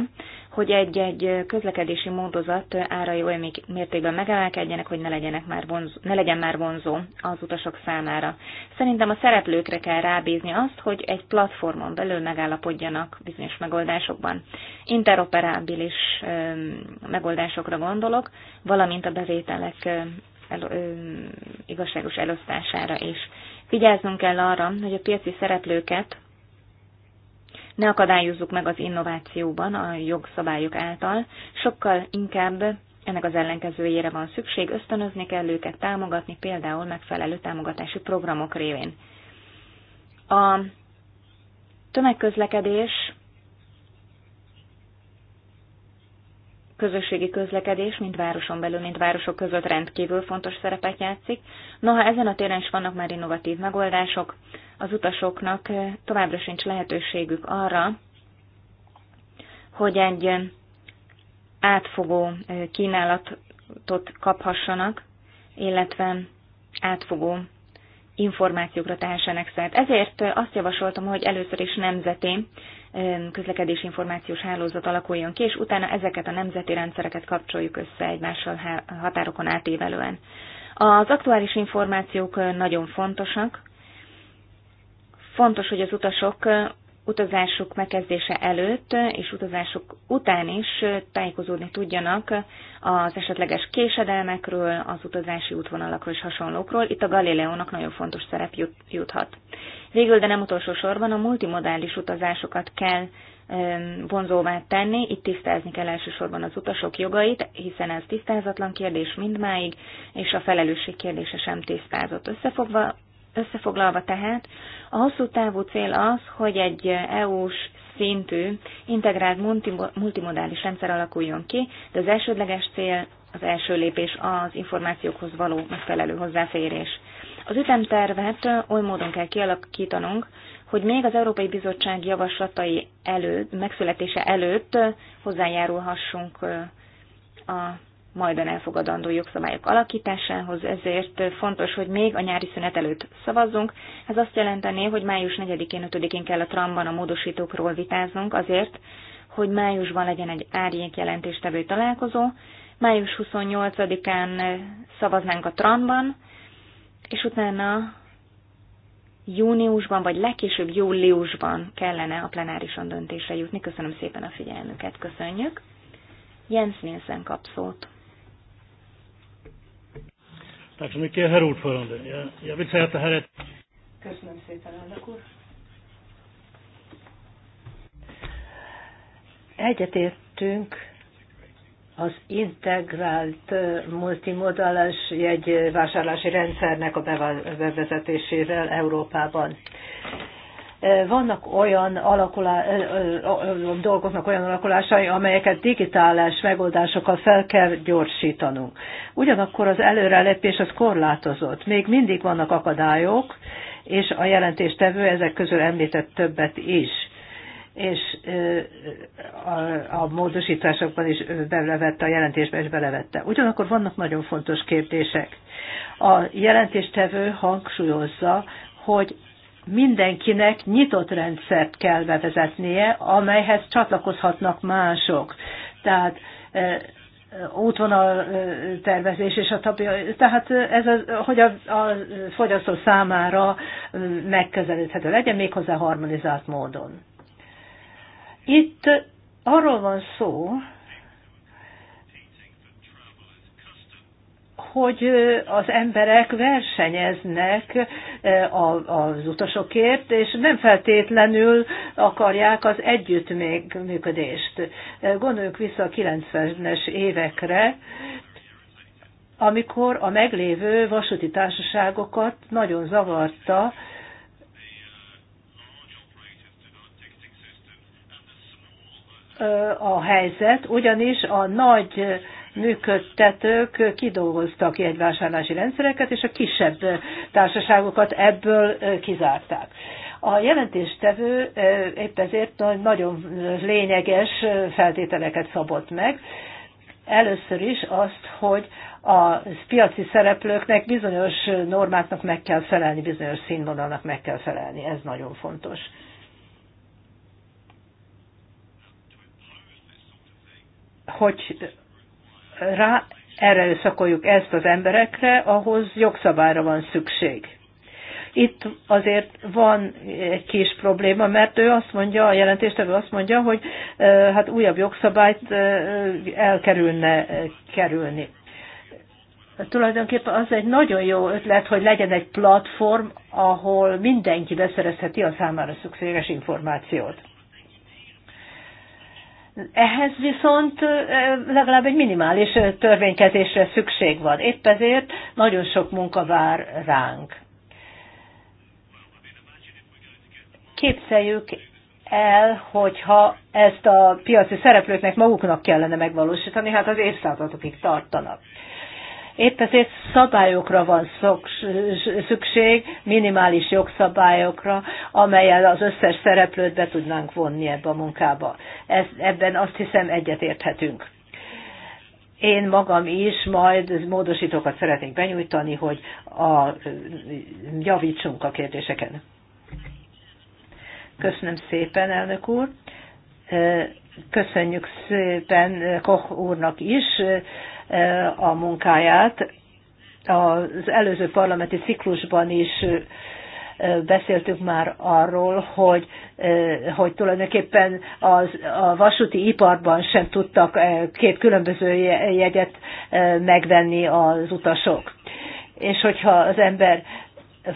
Speaker 1: hogy egy-egy közlekedési módozat árai olyan mértékben megemelkedjenek, hogy ne, legyenek már vonzó, ne legyen már vonzó az utasok számára. Szerintem a szereplőkre kell rábízni azt, hogy egy platformon belül megállapodjanak bizonyos megoldásokban. Interoperábilis megoldásokra gondolok, valamint a bevételek el, ö, igazságos elosztására is. Vigyázzunk kell arra, hogy a piaci szereplőket ne akadályozzuk meg az innovációban a jogszabályok által, sokkal inkább ennek az ellenkezőjére van szükség, ösztönözni kell őket támogatni, például megfelelő támogatási programok révén. A tömegközlekedés közösségi közlekedés, mint városon belül, mint városok között rendkívül fontos szerepet játszik. Noha ezen a téren is vannak már innovatív megoldások, az utasoknak eh, továbbra sincs lehetőségük arra, hogy egy eh, átfogó eh, kínálatot kaphassanak, illetve átfogó információkra tehessenek szert. Ezért azt javasoltam, hogy először is nemzeti közlekedési információs hálózat alakuljon ki, és utána ezeket a nemzeti rendszereket kapcsoljuk össze egymással határokon átévelően. Az aktuális információk nagyon fontosak. Fontos, hogy az utasok utazásuk megkezdése előtt eh, és utazásuk után is eh, tájékozódni tudjanak az esetleges késedelmekről, az utazási útvonalakról és hasonlókról. Itt a Galileónak nagyon fontos szerep jut, juthat. Végül, de nem utolsó sorban a multimodális utazásokat kell vonzóvá tenni, itt tisztázni kell elsősorban az utasok jogait, hiszen ez tisztázatlan kérdés mindmáig, és a felelősség kérdése sem tisztázott. Összefogva Összefoglalva tehát, a hosszú távú cél az, hogy egy EU-s szintű integrált multimodális rendszer alakuljon ki, de az elsődleges cél, az első lépés az információkhoz való megfelelő hozzáférés. Az ütemtervet oly módon kell kialakítanunk, hogy még az Európai Bizottság javaslatai előtt, megszületése előtt hozzájárulhassunk a majdan elfogadandó jogszabályok alakításához, ezért fontos, hogy még a nyári szünet előtt szavazzunk. Ez azt jelenteni, hogy május 4-én, 5-én kell a tramban a módosítókról vitáznunk azért, hogy májusban legyen egy árnyék jelentéstevő találkozó, május 28-án szavaznánk a tramban, és utána júniusban, vagy legkésőbb júliusban kellene a plenárison döntésre jutni. Köszönöm szépen a figyelmüket, köszönjük. Jens Nielsen kap szót.
Speaker 2: Tack så mycket, herr ordförande. Jag, jag vill säga att det här är ett...
Speaker 3: Köszönöm szépen, elnök úr. Egyetértünk az integrált multimodális jegyvásárlási rendszernek a bevezetésével Európában vannak olyan alakulá, dolgoknak olyan alakulásai, amelyeket digitális megoldásokkal fel kell gyorsítanunk. Ugyanakkor az előrelépés az korlátozott. Még mindig vannak akadályok, és a jelentéstevő ezek közül említett többet is és a, a módosításokban is belevette, a jelentésbe is belevette. Ugyanakkor vannak nagyon fontos kérdések. A jelentéstevő hangsúlyozza, hogy mindenkinek nyitott rendszert kell bevezetnie, amelyhez csatlakozhatnak mások. Tehát e, e, útvonal e, tervezés és a tapja, tehát ez a, hogy a, a fogyasztó számára megközelíthető legyen, méghozzá harmonizált módon. Itt arról van szó, hogy az emberek versenyeznek az utasokért, és nem feltétlenül akarják az együttműködést. Gondoljunk vissza a 90-es évekre, amikor a meglévő vasúti társaságokat nagyon zavarta, a helyzet, ugyanis a nagy működtetők kidolgoztak jegyvásárlási rendszereket, és a kisebb társaságokat ebből kizárták. A jelentéstevő épp ezért nagyon lényeges feltételeket szabott meg. Először is azt, hogy a piaci szereplőknek bizonyos normáknak meg kell felelni, bizonyos színvonalnak meg kell felelni. Ez nagyon fontos. Hogy rá erre szakoljuk ezt az emberekre, ahhoz jogszabályra van szükség. Itt azért van egy kis probléma, mert ő azt mondja, a jelentéstevő azt mondja, hogy hát újabb jogszabályt elkerülne kerülni. Tulajdonképpen az egy nagyon jó ötlet, hogy legyen egy platform, ahol mindenki beszerezheti a számára szükséges információt. Ehhez viszont legalább egy minimális törvénykezésre szükség van. Épp ezért nagyon sok munka vár ránk. Képzeljük el, hogyha ezt a piaci szereplőknek maguknak kellene megvalósítani, hát az évszázadokig tartanak. Épp ezért szabályokra van szükség, minimális jogszabályokra, amelyel az összes szereplőt be tudnánk vonni ebbe a munkába. Ez, ebben azt hiszem egyetérthetünk. Én magam is majd módosítókat szeretnék benyújtani, hogy a, javítsunk a kérdéseken. Köszönöm szépen, elnök úr. Köszönjük szépen Koch úrnak is a munkáját. Az előző parlamenti ciklusban is beszéltünk már arról, hogy, hogy tulajdonképpen az, a vasúti iparban sem tudtak két különböző jegyet megvenni az utasok. És hogyha az ember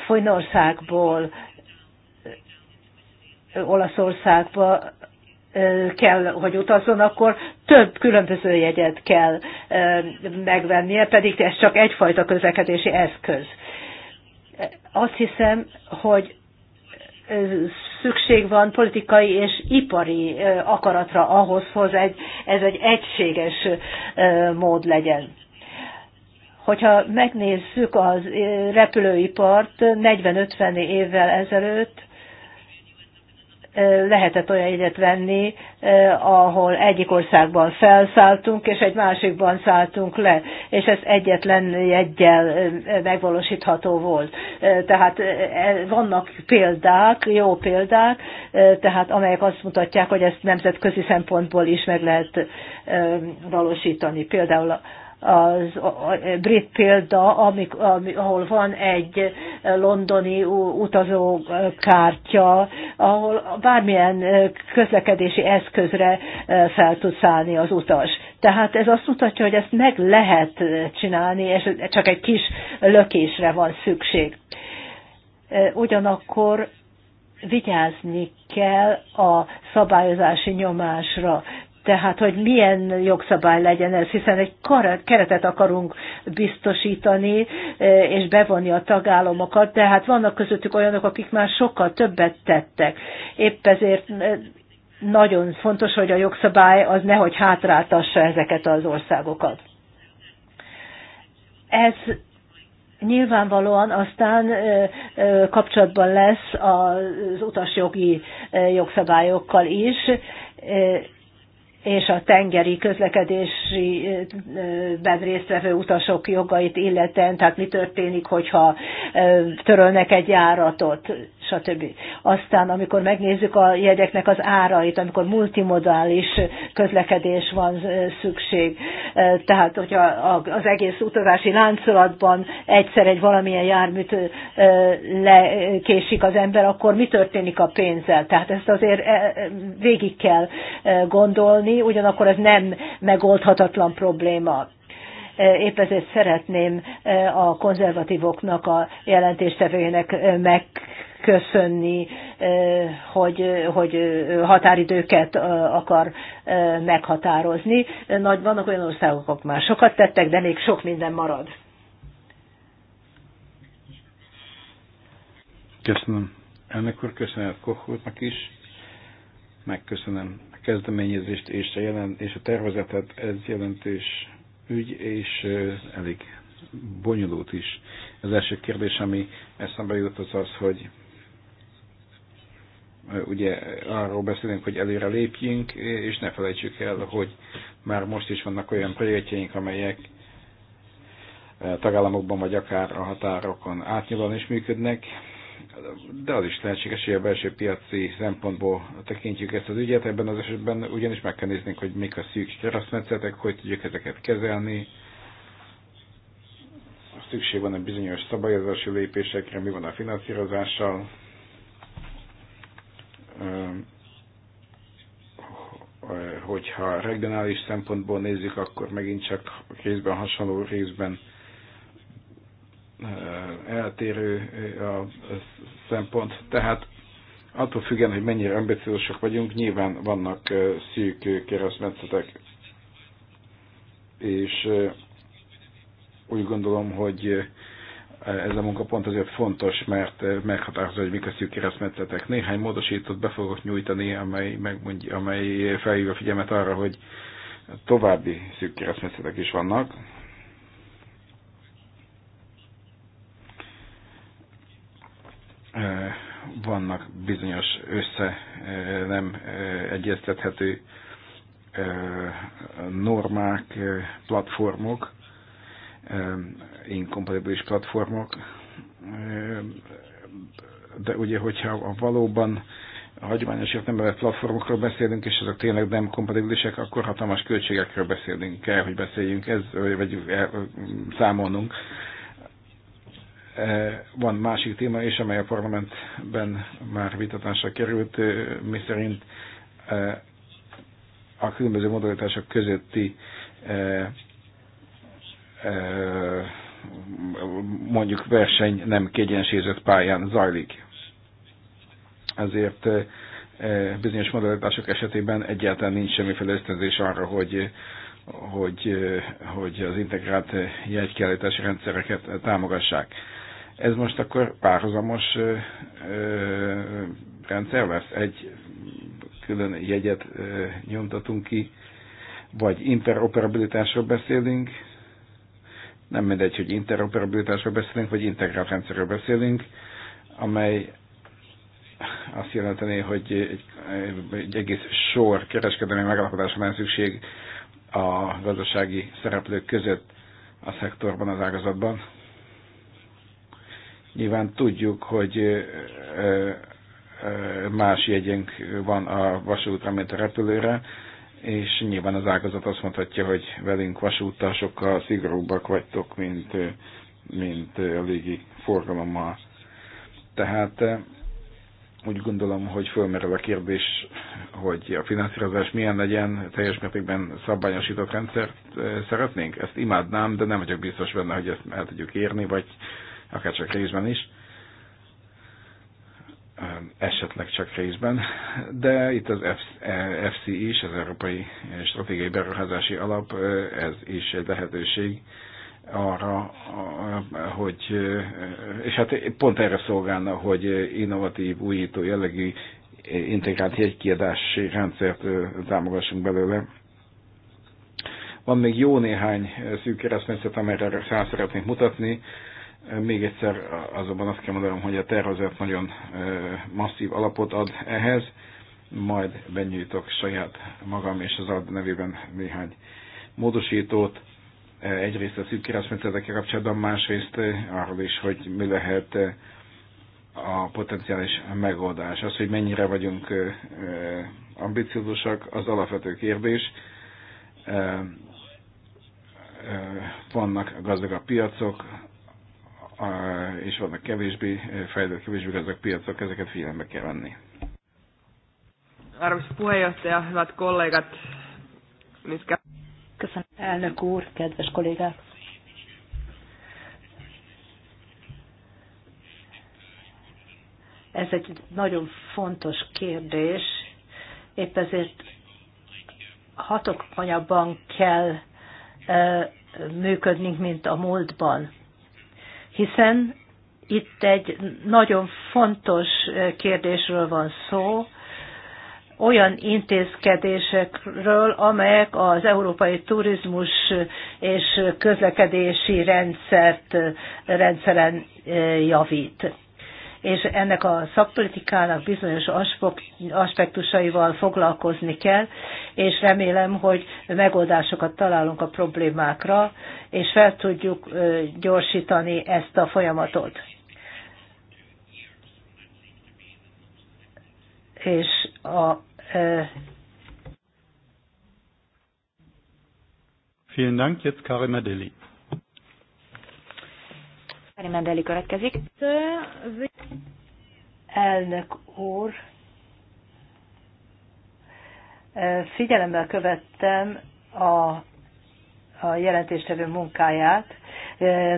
Speaker 3: Fonyországból Olaszországba kell, hogy utazzon, akkor több különböző jegyet kell megvennie, pedig ez csak egyfajta közlekedési eszköz. Azt hiszem, hogy szükség van politikai és ipari akaratra ahhoz, hogy ez egy egységes mód legyen hogyha megnézzük az repülőipart 40-50 évvel ezelőtt, lehetett olyan egyet venni, ahol egyik országban felszálltunk, és egy másikban szálltunk le, és ez egyetlen jegyel megvalósítható volt. Tehát e, vannak példák, jó példák, tehát amelyek azt mutatják, hogy ezt nemzetközi szempontból is meg lehet valósítani. Például az a brit példa, amik, ami, ahol van egy londoni utazókártya, ahol bármilyen közlekedési eszközre e, fel tud szállni az utas. Tehát ez azt mutatja, hogy ezt meg lehet csinálni, és csak egy kis lökésre van szükség. E, ugyanakkor vigyázni kell a szabályozási nyomásra, tehát, hogy milyen jogszabály legyen ez, hiszen egy keretet akarunk biztosítani, e, és bevonni a tagállamokat, de hát vannak közöttük olyanok, akik már sokkal többet tettek. Épp ezért e, nagyon fontos, hogy a jogszabály az nehogy hátráltassa ezeket az országokat. Ez nyilvánvalóan aztán e, kapcsolatban lesz az utasjogi jogszabályokkal is, és a tengeri közlekedési résztvevő utasok jogait illeten, tehát mi történik, hogyha törölnek egy járatot stb. Aztán, amikor megnézzük a jegyeknek az árait, amikor multimodális közlekedés van eh, szükség, eh, tehát hogyha az egész utazási láncolatban egyszer egy valamilyen járműt eh, lekésik az ember, akkor mi történik a pénzzel? Tehát ezt azért végig kell gondolni, ugyanakkor ez nem megoldhatatlan probléma. Épp ezért szeretném a konzervatívoknak, a jelentéstevőjének meg köszönni, hogy, hogy határidőket akar meghatározni. Nagy vannak olyan országok, akik már sokat tettek, de még sok minden marad.
Speaker 4: Köszönöm. Ennek úr köszönöm a úrnak is. Megköszönöm a kezdeményezést és a, jelen, és a tervezetet. Ez jelentős ügy, és elég bonyolult is. Az első kérdés, ami eszembe jut, az az, hogy ugye arról beszélünk, hogy előre lépjünk, és ne felejtsük el, hogy már most is vannak olyan projektjeink, amelyek eh, tagállamokban vagy akár a határokon átnyúlóan is működnek, de az is lehetséges, hogy a belső piaci szempontból tekintjük ezt az ügyet, ebben az esetben ugyanis meg kell néznünk, hogy mik a szűk keresztmetszetek, hogy tudjuk ezeket kezelni, szükség van egy bizonyos szabályozási lépésekre, mi van a finanszírozással, hogyha regionális szempontból nézzük, akkor megint csak részben hasonló, részben eltérő a szempont. Tehát attól függően, hogy mennyire ambiciósak vagyunk, nyilván vannak szűk keresztmetszetek. És úgy gondolom, hogy ez a munka pont azért fontos, mert eh, meghatározza, hogy mik a szűk keresztmetszetek. Néhány módosítót be fogok nyújtani, amely, megmondja, amely felhív a figyelmet arra, hogy további szűk keresztmetszetek is vannak. Eh, vannak bizonyos össze eh, nem egyeztethető normák, platformok, inkompatibilis platformok, de ugye, hogyha valóban a hagyományos értelemben platformokról beszélünk, és ezek tényleg nem kompatibilisek, akkor hatalmas költségekről beszélünk, kell, hogy beszéljünk, ez, vagy el, számolnunk. E, van másik téma is, amely a parlamentben már vitatásra került, e, miszerint e, a különböző modalitások közötti mondjuk verseny nem kiegyensúlyozott pályán zajlik. Ezért bizonyos modellítások esetében egyáltalán nincs semmiféle ösztönzés arra, hogy, hogy, hogy az integrált jegykiállítási rendszereket támogassák. Ez most akkor párhuzamos rendszer lesz? Egy külön jegyet nyomtatunk ki, vagy interoperabilitásról beszélünk, nem mindegy, hogy interoperabilitásról beszélünk, vagy integrált rendszerről beszélünk, amely azt jelenteni, hogy egy, egy egész sor kereskedelmi megalapodásra van szükség a gazdasági szereplők között a szektorban, az ágazatban. Nyilván tudjuk, hogy más jegyünk van a vasútra, mint a repülőre, és nyilván az ágazat azt mondhatja, hogy velünk vasúttal sokkal szigorúbbak vagytok, mint, mint a légi forgalommal. Tehát úgy gondolom, hogy fölmerül a kérdés, hogy a finanszírozás milyen legyen, teljes mértékben szabványosított rendszert szeretnénk. Ezt imádnám, de nem vagyok biztos benne, hogy ezt el tudjuk érni, vagy akár csak részben is esetleg csak részben, de itt az FC e, is, az Európai Stratégiai Beruházási Alap, ez is egy lehetőség arra, hogy, és hát pont erre szolgálna, hogy innovatív, újító jellegű integrált jegykiadási rendszert támogassunk belőle. Van még jó néhány szűk keresztmetszet, amelyre rá szeretnénk mutatni még egyszer azonban azt kell mondanom, hogy a tervezet nagyon masszív alapot ad ehhez, majd benyújtok saját magam és az ad nevében néhány módosítót. Egyrészt a szűk keresztmetszetekkel kapcsolatban, másrészt arról is, hogy mi lehet a potenciális megoldás. Az, hogy mennyire vagyunk ambiciózusak, az alapvető kérdés. Vannak gazdagabb piacok, és vannak kevésbé eh, fejlődött, kevésbé gazdag piacok, ezeket figyelembe kell venni.
Speaker 3: Arvoisa puheenjohtaja, hyvät kollégat, mitkä... Köszönöm, elnök úr, kedves kollégák! Ez egy nagyon fontos kérdés, épp ezért hatok kell eh, működnünk, mint a múltban hiszen itt egy nagyon fontos kérdésről van szó, olyan intézkedésekről, amelyek az európai turizmus és közlekedési rendszert, rendszeren javít és ennek a szakpolitikának bizonyos aspektusaival foglalkozni kell, és remélem, hogy megoldásokat találunk a problémákra, és fel tudjuk gyorsítani ezt a folyamatot. És a
Speaker 2: Vielen Dank, jetzt Karim Adeli.
Speaker 3: Mendeli következik. Elnök úr, figyelemmel követtem a, a jelentéstevő munkáját.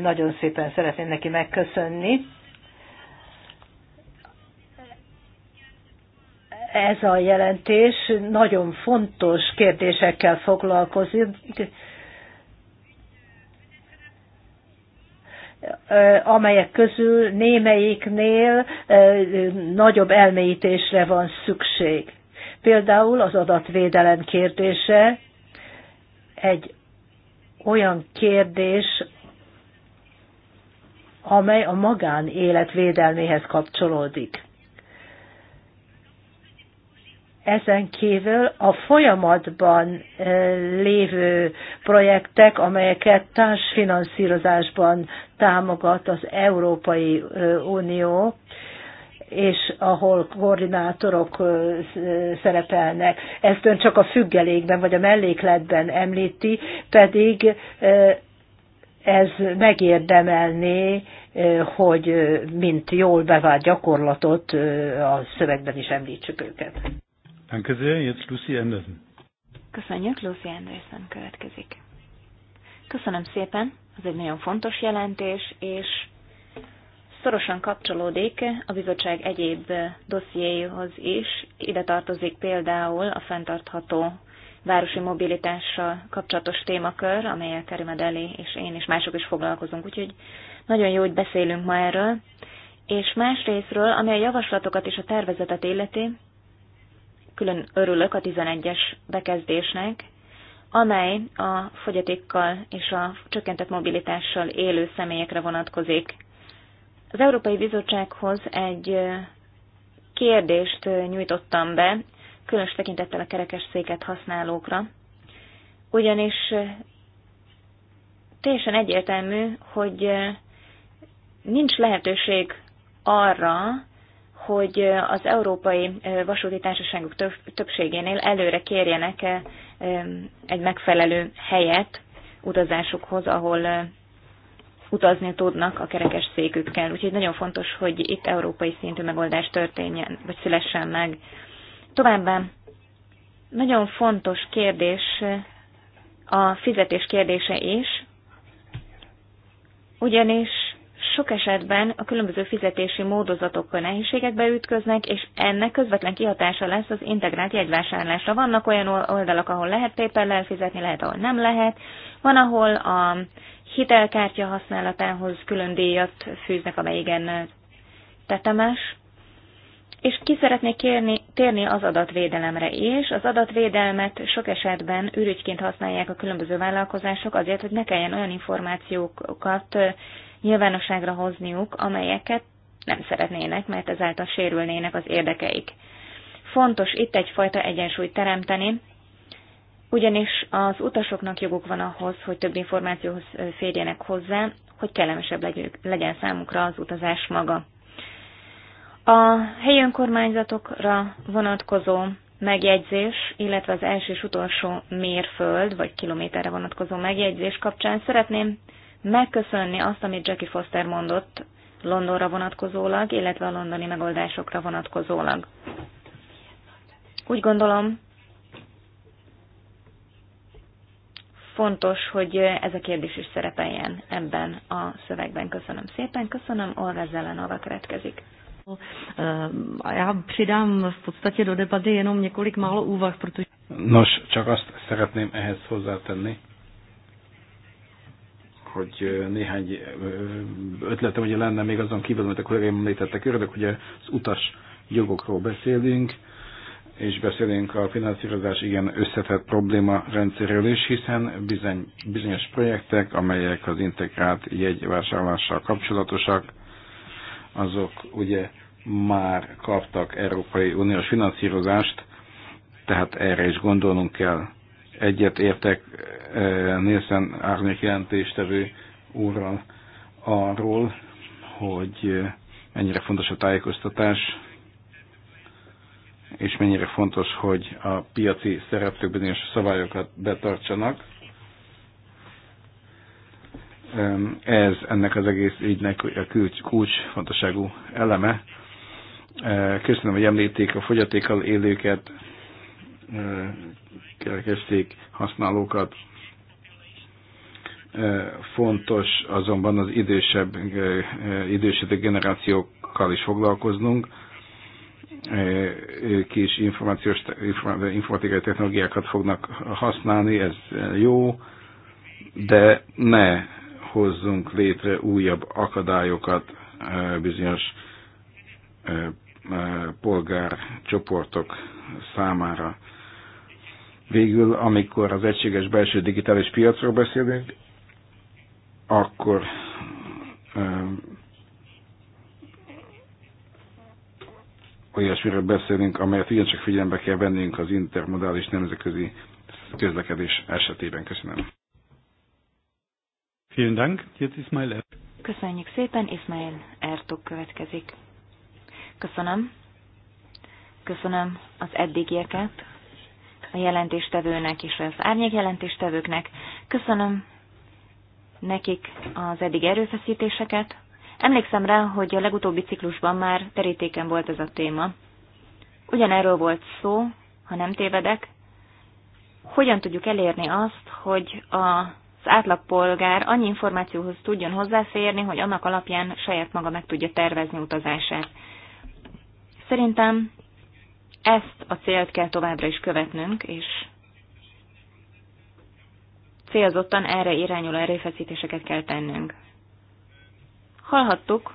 Speaker 3: Nagyon szépen szeretném neki megköszönni. Ez a jelentés nagyon fontos kérdésekkel foglalkozik, amelyek közül némelyiknél nagyobb elmélyítésre van szükség. Például az adatvédelem kérdése egy olyan kérdés, amely a magánélet védelméhez kapcsolódik ezen kívül a folyamatban lévő projektek, amelyeket társfinanszírozásban támogat az Európai Unió, és ahol koordinátorok szerepelnek. Ezt ön csak a függelékben vagy a mellékletben említi, pedig ez megérdemelné, hogy mint jól bevált gyakorlatot a szövegben is említsük őket.
Speaker 2: Danke sehr, jetzt Lucy Anderson.
Speaker 1: Köszönjük, Lucy Anderson következik. Köszönöm szépen, ez egy nagyon fontos jelentés, és szorosan kapcsolódik a bizottság egyéb dossziéhoz is. Ide tartozik például a fenntartható városi mobilitással kapcsolatos témakör, amelyel Karim Adeli és én és mások is foglalkozunk, úgyhogy nagyon jó, hogy beszélünk ma erről. És másrésztről, ami a javaslatokat és a tervezetet illeti, külön örülök a 11-es bekezdésnek, amely a fogyatékkal és a csökkentett mobilitással élő személyekre vonatkozik. Az Európai Bizottsághoz egy kérdést nyújtottam be, különös tekintettel a széket használókra, ugyanis teljesen egyértelmű, hogy nincs lehetőség arra, hogy az európai vasúti társaságok többségénél előre kérjenek egy megfelelő helyet utazásukhoz, ahol utazni tudnak a kerekes székükkel. Úgyhogy nagyon fontos, hogy itt európai szintű megoldás történjen, vagy szülessen meg. Továbbá nagyon fontos kérdés a fizetés kérdése is, ugyanis sok esetben a különböző fizetési módozatokkal nehézségekbe ütköznek, és ennek közvetlen kihatása lesz az integrált jegyvásárlásra. Vannak olyan oldalak, ahol lehet paypal fizetni, lehet, ahol nem lehet. Van, ahol a hitelkártya használatához külön díjat fűznek, amely igen tetemes. És ki szeretnék kérni, térni az adatvédelemre is. Az adatvédelmet sok esetben ürügyként használják a különböző vállalkozások azért, hogy ne kelljen olyan információkat nyilvánosságra hozniuk, amelyeket nem szeretnének, mert ezáltal sérülnének az érdekeik. Fontos itt egyfajta egyensúlyt teremteni, ugyanis az utasoknak joguk van ahhoz, hogy több információhoz férjenek hozzá, hogy kellemesebb legyen számukra az utazás maga. A helyi önkormányzatokra vonatkozó megjegyzés, illetve az első és utolsó mérföld vagy kilométerre vonatkozó megjegyzés kapcsán szeretném megköszönni azt, amit Jackie Foster mondott Londonra vonatkozólag, illetve a londoni megoldásokra vonatkozólag. Úgy gondolom, fontos, hogy ez a kérdés is szerepeljen ebben a szövegben. Köszönöm szépen, köszönöm, Olga Zelenova következik.
Speaker 3: Eh, já přidám v podstatě do debaty jenom několik málo úvah, protože...
Speaker 4: Nos, csak azt szeretném ehhez hozzátenni, hogy néhány ötletem ugye lenne még azon kívül, amit a kollégáim említettek, örülök, hogy az utas jogokról beszélünk, és beszélünk a finanszírozás igen összetett probléma rendszerről is, hiszen bizony, bizonyos projektek, amelyek az integrált jegyvásárlással kapcsolatosak, azok ugye már kaptak Európai Uniós finanszírozást, tehát erre is gondolnunk kell. Egyet értek Nielsen árnyék jelentéstevő úrral arról, hogy mennyire fontos a tájékoztatás, és mennyire fontos, hogy a piaci szereplők bizonyos szabályokat betartsanak. Ez ennek az egész ügynek a kulcs, fontosságú eleme. Köszönöm, hogy említék a fogyatékkal élőket, kerekesszék használókat, Fontos azonban az idősebb, idősebb generációkkal is foglalkoznunk, ők is információs, informatikai technológiákat fognak használni, ez jó, de ne hozzunk létre újabb akadályokat bizonyos polgárcsoportok számára. Végül, amikor az egységes belső digitális piacról beszélünk, akkor olyasmiről beszélünk, amelyet ugyancsak figyelembe kell vennünk az intermodális nemzetközi közlekedés esetében. Köszönöm.
Speaker 2: Vielen Dank. Jetzt Ismail er-
Speaker 1: Köszönjük szépen, Ismail Ertok következik. Köszönöm. Köszönöm az eddigieket, a jelentéstevőnek és az árnyék jelentéstevőknek. Köszönöm nekik az eddig erőfeszítéseket. Emlékszem rá, hogy a legutóbbi ciklusban már terítéken volt ez a téma. Ugyanerről volt szó, ha nem tévedek, hogyan tudjuk elérni azt, hogy a az átlagpolgár annyi információhoz tudjon hozzáférni, hogy annak alapján saját maga meg tudja tervezni utazását. Szerintem ezt a célt kell továbbra is követnünk, és célzottan erre irányuló erőfeszítéseket kell tennünk. Hallhattuk,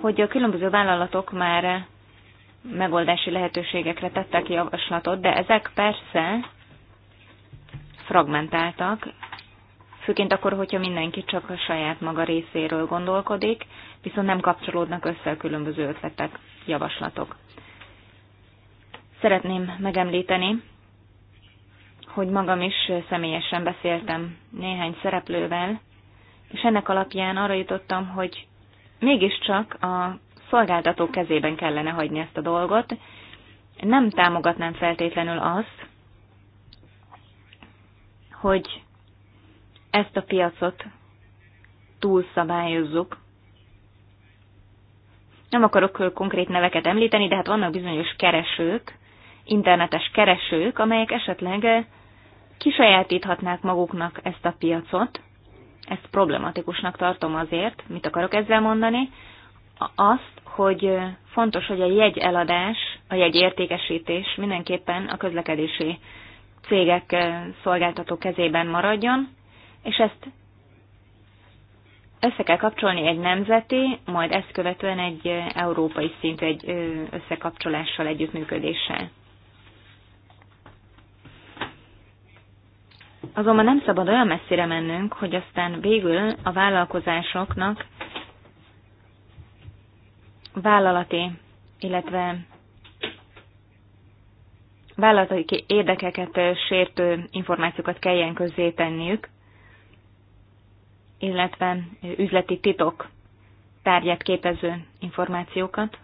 Speaker 1: hogy a különböző vállalatok már megoldási lehetőségekre tettek javaslatot, de ezek persze fragmentáltak, főként akkor, hogyha mindenki csak a saját maga részéről gondolkodik, viszont nem kapcsolódnak össze a különböző ötletek, javaslatok. Szeretném megemlíteni, hogy magam is személyesen beszéltem néhány szereplővel, és ennek alapján arra jutottam, hogy mégiscsak a szolgáltatók kezében kellene hagyni ezt a dolgot. Nem támogatnám feltétlenül azt, hogy ezt a piacot túlszabályozzuk. Nem akarok konkrét neveket említeni, de hát vannak bizonyos keresők, internetes keresők, amelyek esetleg kisajátíthatnák maguknak ezt a piacot, ezt problematikusnak tartom azért, mit akarok ezzel mondani, azt, hogy fontos, hogy a eladás, a értékesítés mindenképpen a közlekedési cégek szolgáltató kezében maradjon, és ezt össze kell kapcsolni egy nemzeti, majd ezt követően egy európai szintű egy összekapcsolással, együttműködéssel. Azonban nem szabad olyan messzire mennünk, hogy aztán végül a vállalkozásoknak vállalati, illetve vállalati érdekeket sértő információkat kelljen közzétenniük, illetve üzleti titok tárgyát képező információkat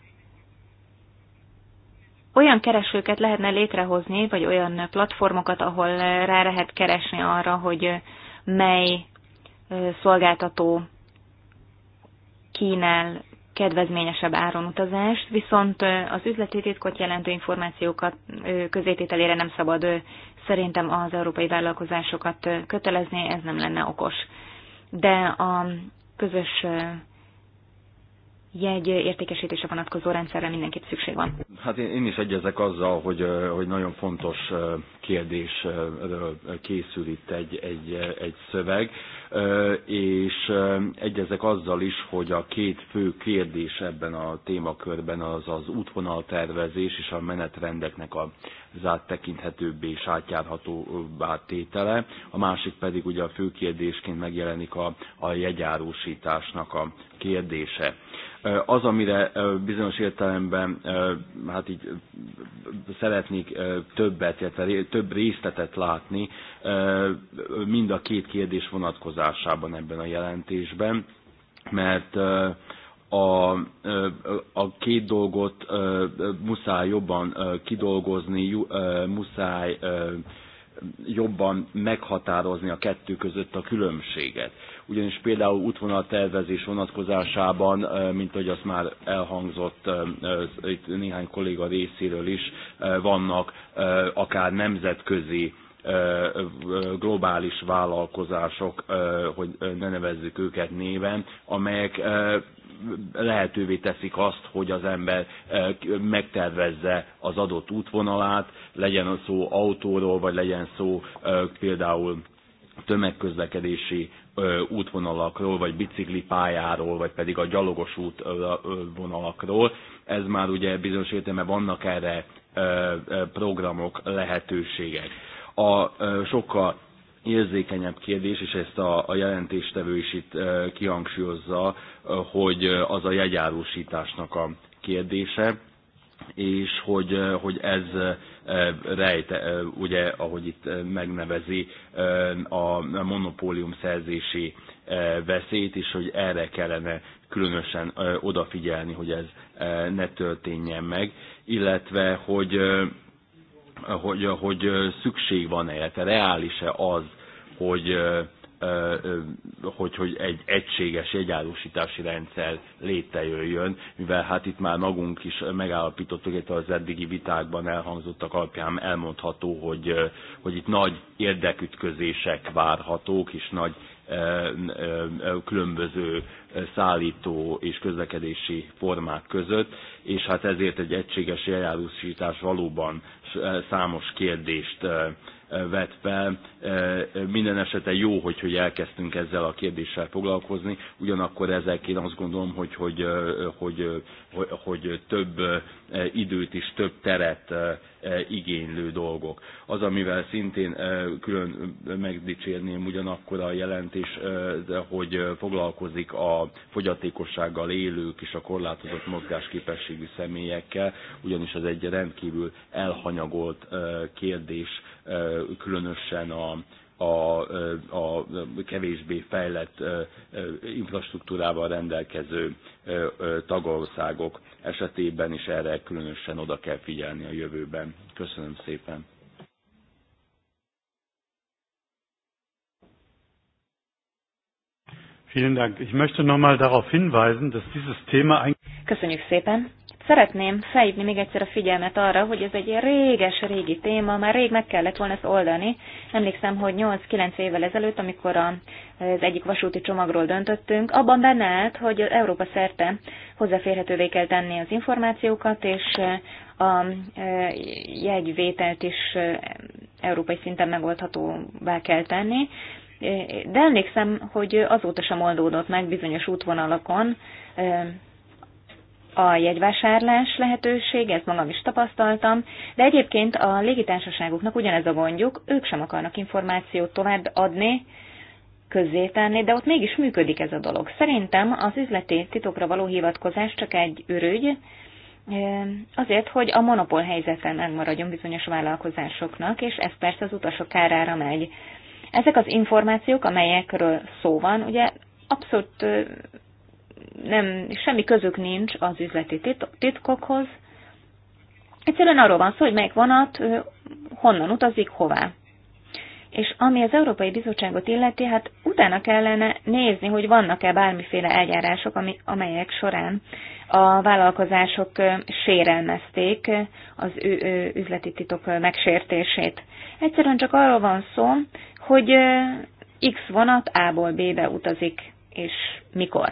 Speaker 1: olyan keresőket lehetne létrehozni, vagy olyan platformokat, ahol rá lehet keresni arra, hogy mely szolgáltató kínál kedvezményesebb áron utazást, viszont az üzleti titkot jelentő információkat közétételére nem szabad szerintem az európai vállalkozásokat kötelezni, ez nem lenne okos. De a közös jegy értékesítése vonatkozó rendszerre mindenképp szükség van.
Speaker 5: Hát én, én is egyezek azzal, hogy, hogy nagyon fontos kérdés készül itt egy, egy, egy szöveg, és egyezek azzal is, hogy a két fő kérdés ebben a témakörben az az útvonaltervezés és a menetrendeknek a az áttekinthetőbbé és átjárhatóbbá tétele, a másik pedig ugye a fő kérdésként megjelenik a, a jegyárusításnak a kérdése. Az, amire bizonyos értelemben hát így szeretnék többet, illetve több részletet látni, mind a két kérdés vonatkozásában ebben a jelentésben, mert a, a két dolgot muszáj jobban kidolgozni, muszáj jobban meghatározni a kettő között a különbséget ugyanis például útvonaltervezés vonatkozásában, mint ahogy azt már elhangzott itt néhány kolléga részéről is, vannak akár nemzetközi globális vállalkozások, hogy ne nevezzük őket néven, amelyek lehetővé teszik azt, hogy az ember megtervezze az adott útvonalát, legyen szó autóról, vagy legyen szó például tömegközlekedési útvonalakról, vagy pályáról, vagy pedig a gyalogos útvonalakról. Ez már ugye bizonyos értelemben vannak erre programok, lehetőségek. A sokkal érzékenyebb kérdés, és ezt a, a jelentéstevő is itt kihangsúlyozza, hogy az a jegyárusításnak a kérdése és hogy, hogy ez rejt, ugye, ahogy itt megnevezi, a monopólium szerzési veszélyt, és hogy erre kellene különösen odafigyelni, hogy ez ne történjen meg, illetve hogy, hogy, hogy szükség van-e, tehát reális-e az, hogy hogy, hogy egy egységes jegyárusítási rendszer létrejöjjön, mivel hát itt már magunk is megállapítottuk, illetve az eddigi vitákban elhangzottak alapján elmondható, hogy, hogy itt nagy érdekütközések várhatók, és nagy különböző szállító és közlekedési formák között, és hát ezért egy egységes eljárásítás valóban számos kérdést vett fel. Minden esetre jó, hogy, hogy elkezdtünk ezzel a kérdéssel foglalkozni, ugyanakkor ezek én azt gondolom, hogy, hogy, hogy, hogy, hogy több időt is, több teret igénylő dolgok. Az, amivel szintén külön megdicsérném ugyanakkor a jelentés, hogy foglalkozik a fogyatékossággal élők és a korlátozott mozgásképességű személyekkel, ugyanis az egy rendkívül elhanyagolt kérdés különösen a, a, a kevésbé fejlett infrastruktúrával rendelkező tagországok esetében is erre különösen oda kell figyelni a jövőben. Köszönöm szépen.
Speaker 2: Vielen Dank. Ich möchte nochmal darauf hinweisen, dass dieses Thema
Speaker 1: Köszönjük szépen. Szeretném felhívni még egyszer a figyelmet arra, hogy ez egy réges-régi téma, már rég meg kellett volna ezt oldani. Emlékszem, hogy 8-9 évvel ezelőtt, amikor az egyik vasúti csomagról döntöttünk, abban benne állt, hogy Európa szerte hozzáférhetővé kell tenni az információkat, és a jegyvételt is európai szinten megoldhatóvá kell tenni. De emlékszem, hogy azóta sem oldódott meg bizonyos útvonalakon, a jegyvásárlás lehetőség, ezt magam is tapasztaltam, de egyébként a légitársaságoknak ugyanez a gondjuk, ők sem akarnak információt tovább adni, közzétenni, de ott mégis működik ez a dolog. Szerintem az üzleti titokra való hivatkozás csak egy ürügy, azért, hogy a monopól helyzeten megmaradjon bizonyos vállalkozásoknak, és ez persze az utasok kárára megy. Ezek az információk, amelyekről szó van, ugye abszolút nem, semmi közük nincs az üzleti titkokhoz. Egyszerűen arról van szó, hogy melyik vonat honnan utazik, hová. És ami az Európai Bizottságot illeti, hát utána kellene nézni, hogy vannak-e bármiféle eljárások, ami, amelyek során a vállalkozások sérelmezték az ő, ő üzleti titok megsértését. Egyszerűen csak arról van szó, hogy X vonat A-ból B-be utazik, és mikor.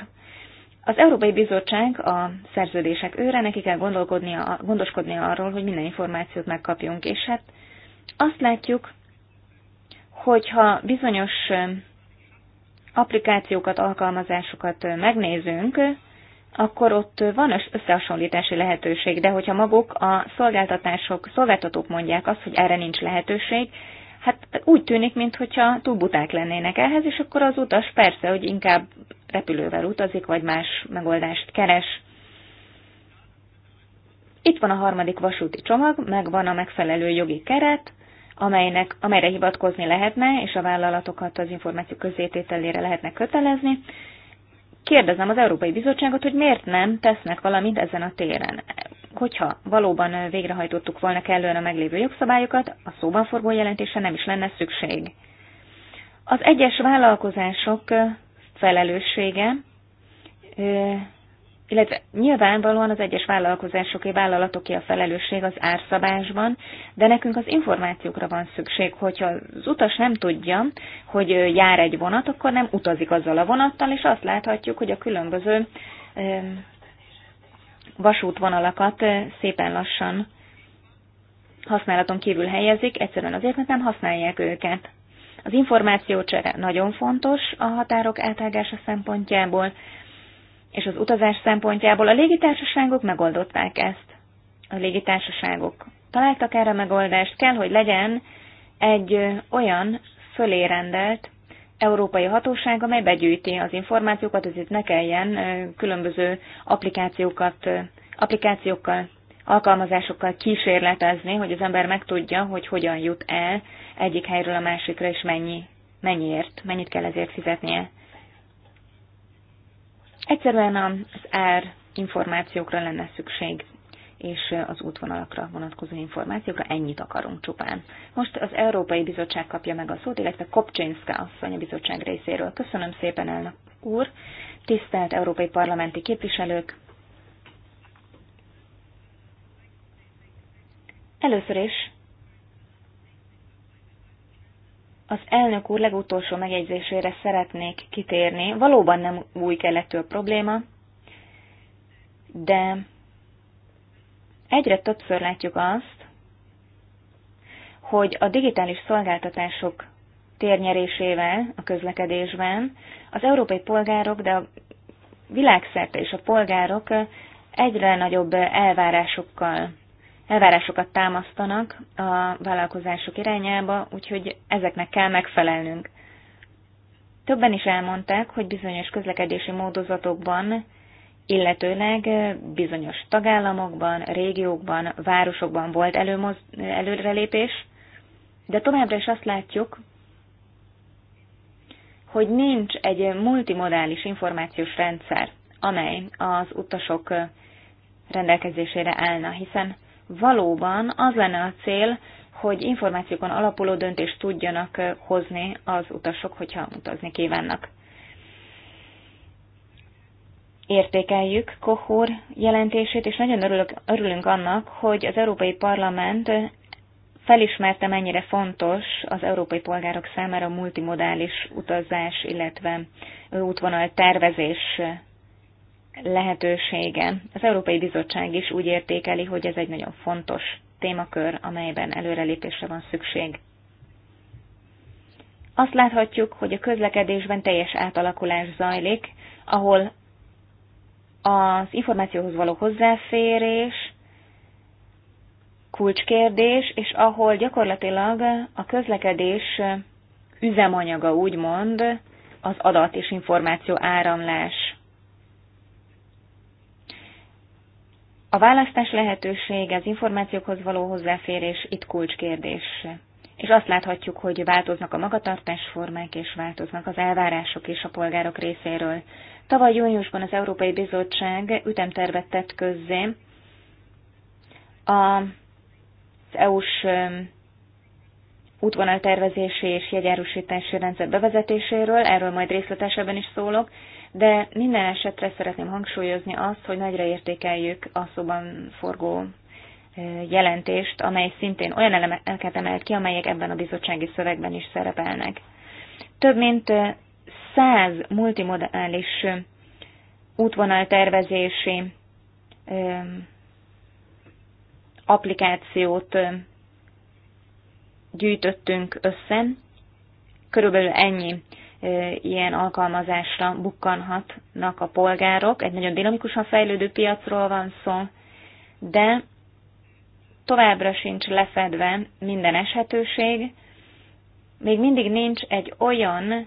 Speaker 1: Az Európai Bizottság a szerződések őre, neki kell gondolkodnia, gondoskodnia arról, hogy minden információt megkapjunk, és hát azt látjuk, hogyha bizonyos applikációkat, alkalmazásokat megnézünk, akkor ott van összehasonlítási lehetőség, de hogyha maguk a szolgáltatások, szolgáltatók mondják azt, hogy erre nincs lehetőség, hát úgy tűnik, mintha túl buták lennének ehhez, és akkor az utas persze, hogy inkább repülővel utazik, vagy más megoldást keres. Itt van a harmadik vasúti csomag, meg van a megfelelő jogi keret, amelynek, amelyre hivatkozni lehetne, és a vállalatokat az információ közzétételére lehetne kötelezni. Kérdezem az Európai Bizottságot, hogy miért nem tesznek valamit ezen a téren. Hogyha valóban végrehajtottuk volna kellően a meglévő jogszabályokat, a szóban forgó jelentése nem is lenne szükség. Az egyes vállalkozások felelőssége, illetve nyilvánvalóan az egyes vállalkozásoké, vállalatoké a felelősség az árszabásban, de nekünk az információkra van szükség, hogyha az utas nem tudja, hogy jár egy vonat, akkor nem utazik azzal a vonattal, és azt láthatjuk, hogy a különböző vasútvonalakat szépen lassan használaton kívül helyezik, egyszerűen azért, mert nem használják őket. Az információcsere nagyon fontos a határok átágása szempontjából, és az utazás szempontjából a légitársaságok megoldották ezt. A légitársaságok találtak erre megoldást, kell, hogy legyen egy olyan fölé rendelt európai hatóság, amely begyűjti az információkat, ezért ne kelljen különböző applikációkat, applikációkkal alkalmazásokkal kísérletezni, hogy az ember megtudja, hogy hogyan jut el egyik helyről a másikra, és mennyi, mennyiért, mennyit kell ezért fizetnie. Egyszerűen az ár információkra lenne szükség, és az útvonalakra vonatkozó információkra ennyit akarunk csupán. Most az Európai Bizottság kapja meg a szót, illetve Kopcsinszka asszony a bizottság részéről. Köszönöm szépen, elnök úr! Tisztelt Európai Parlamenti képviselők! Először is az elnök úr legutolsó megjegyzésére szeretnék kitérni. Valóban nem új keletű a probléma, de egyre többször látjuk azt, hogy a digitális szolgáltatások térnyerésével a közlekedésben az európai polgárok, de a világszerte és a polgárok egyre nagyobb elvárásokkal elvárásokat támasztanak a vállalkozások irányába, úgyhogy ezeknek kell megfelelnünk. Többen is elmondták, hogy bizonyos közlekedési módozatokban, illetőleg bizonyos tagállamokban, régiókban, városokban volt előmoz, előrelépés, de továbbra is azt látjuk, hogy nincs egy multimodális információs rendszer, amely az utasok rendelkezésére állna, hiszen valóban az lenne a cél, hogy információkon alapuló döntést tudjanak hozni az utasok, hogyha utazni kívánnak. Értékeljük Kohor jelentését, és nagyon örülök, örülünk annak, hogy az Európai Parlament felismerte, mennyire fontos az európai polgárok számára a multimodális utazás, illetve útvonal tervezés lehetősége. Az Európai Bizottság is úgy értékeli, hogy ez egy nagyon fontos témakör, amelyben előrelépésre van szükség. Azt láthatjuk, hogy a közlekedésben teljes átalakulás zajlik, ahol az információhoz való hozzáférés kulcskérdés, és ahol gyakorlatilag a közlekedés üzemanyaga úgymond az adat és információ áramlás. A választás lehetőség, az információkhoz való hozzáférés itt kulcskérdés. És azt láthatjuk, hogy változnak a magatartásformák, és változnak az elvárások is a polgárok részéről. Tavaly júniusban az Európai Bizottság ütemtervet tett közzé az EU-s útvonaltervezési és jegyárusítási rendszer bevezetéséről, erről majd részletesebben is szólok, de minden esetre szeretném hangsúlyozni azt, hogy nagyra értékeljük a szóban forgó jelentést, amely szintén olyan elemeket emelt ki, amelyek ebben a bizottsági szövegben is szerepelnek. Több mint száz multimodális útvonal tervezési applikációt gyűjtöttünk össze. Körülbelül ennyi ilyen alkalmazásra bukkanhatnak a polgárok. Egy nagyon dinamikusan fejlődő piacról van szó, de továbbra sincs lefedve minden eshetőség, még mindig nincs egy olyan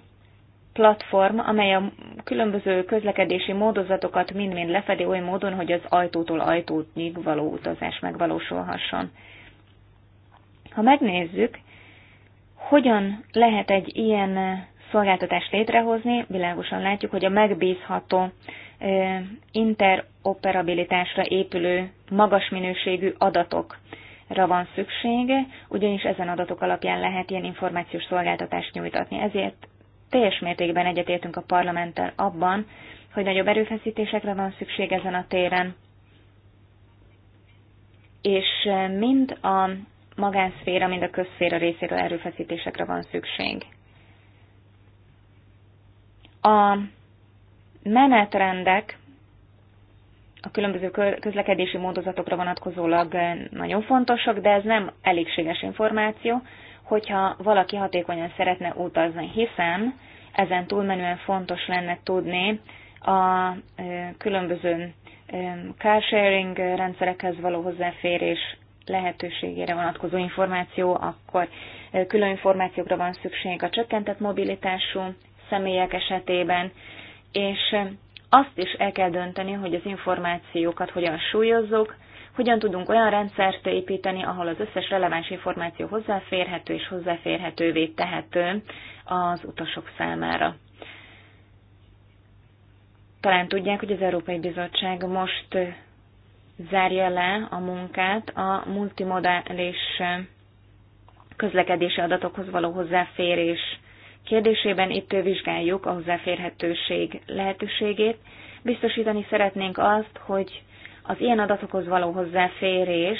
Speaker 1: platform, amely a különböző közlekedési módozatokat mind-mind lefedi oly módon, hogy az ajtótól ajtótnyig való utazás megvalósulhasson. Ha megnézzük, hogyan lehet egy ilyen szolgáltatást létrehozni, világosan látjuk, hogy a megbízható interoperabilitásra épülő magas minőségű adatokra van szüksége, ugyanis ezen adatok alapján lehet ilyen információs szolgáltatást nyújtatni. Ezért teljes mértékben egyetértünk a parlamenttel abban, hogy nagyobb erőfeszítésekre van szükség ezen a téren, és mind a magánszféra, mind a közszféra részéről erőfeszítésekre van szükség. A menetrendek a különböző közlekedési módozatokra vonatkozólag nagyon fontosak, de ez nem elégséges információ, hogyha valaki hatékonyan szeretne utazni, hiszen ezen túlmenően fontos lenne tudni a különböző carsharing rendszerekhez való hozzáférés lehetőségére vonatkozó információ, akkor külön információkra van szükség a csökkentett mobilitású személyek esetében, és azt is el kell dönteni, hogy az információkat hogyan súlyozzuk, hogyan tudunk olyan rendszert építeni, ahol az összes releváns információ hozzáférhető és hozzáférhetővé tehető az utasok számára. Talán tudják, hogy az Európai Bizottság most zárja le a munkát a multimodális közlekedési adatokhoz való hozzáférés kérdésében itt vizsgáljuk a hozzáférhetőség lehetőségét. Biztosítani szeretnénk azt, hogy az ilyen adatokhoz való hozzáférés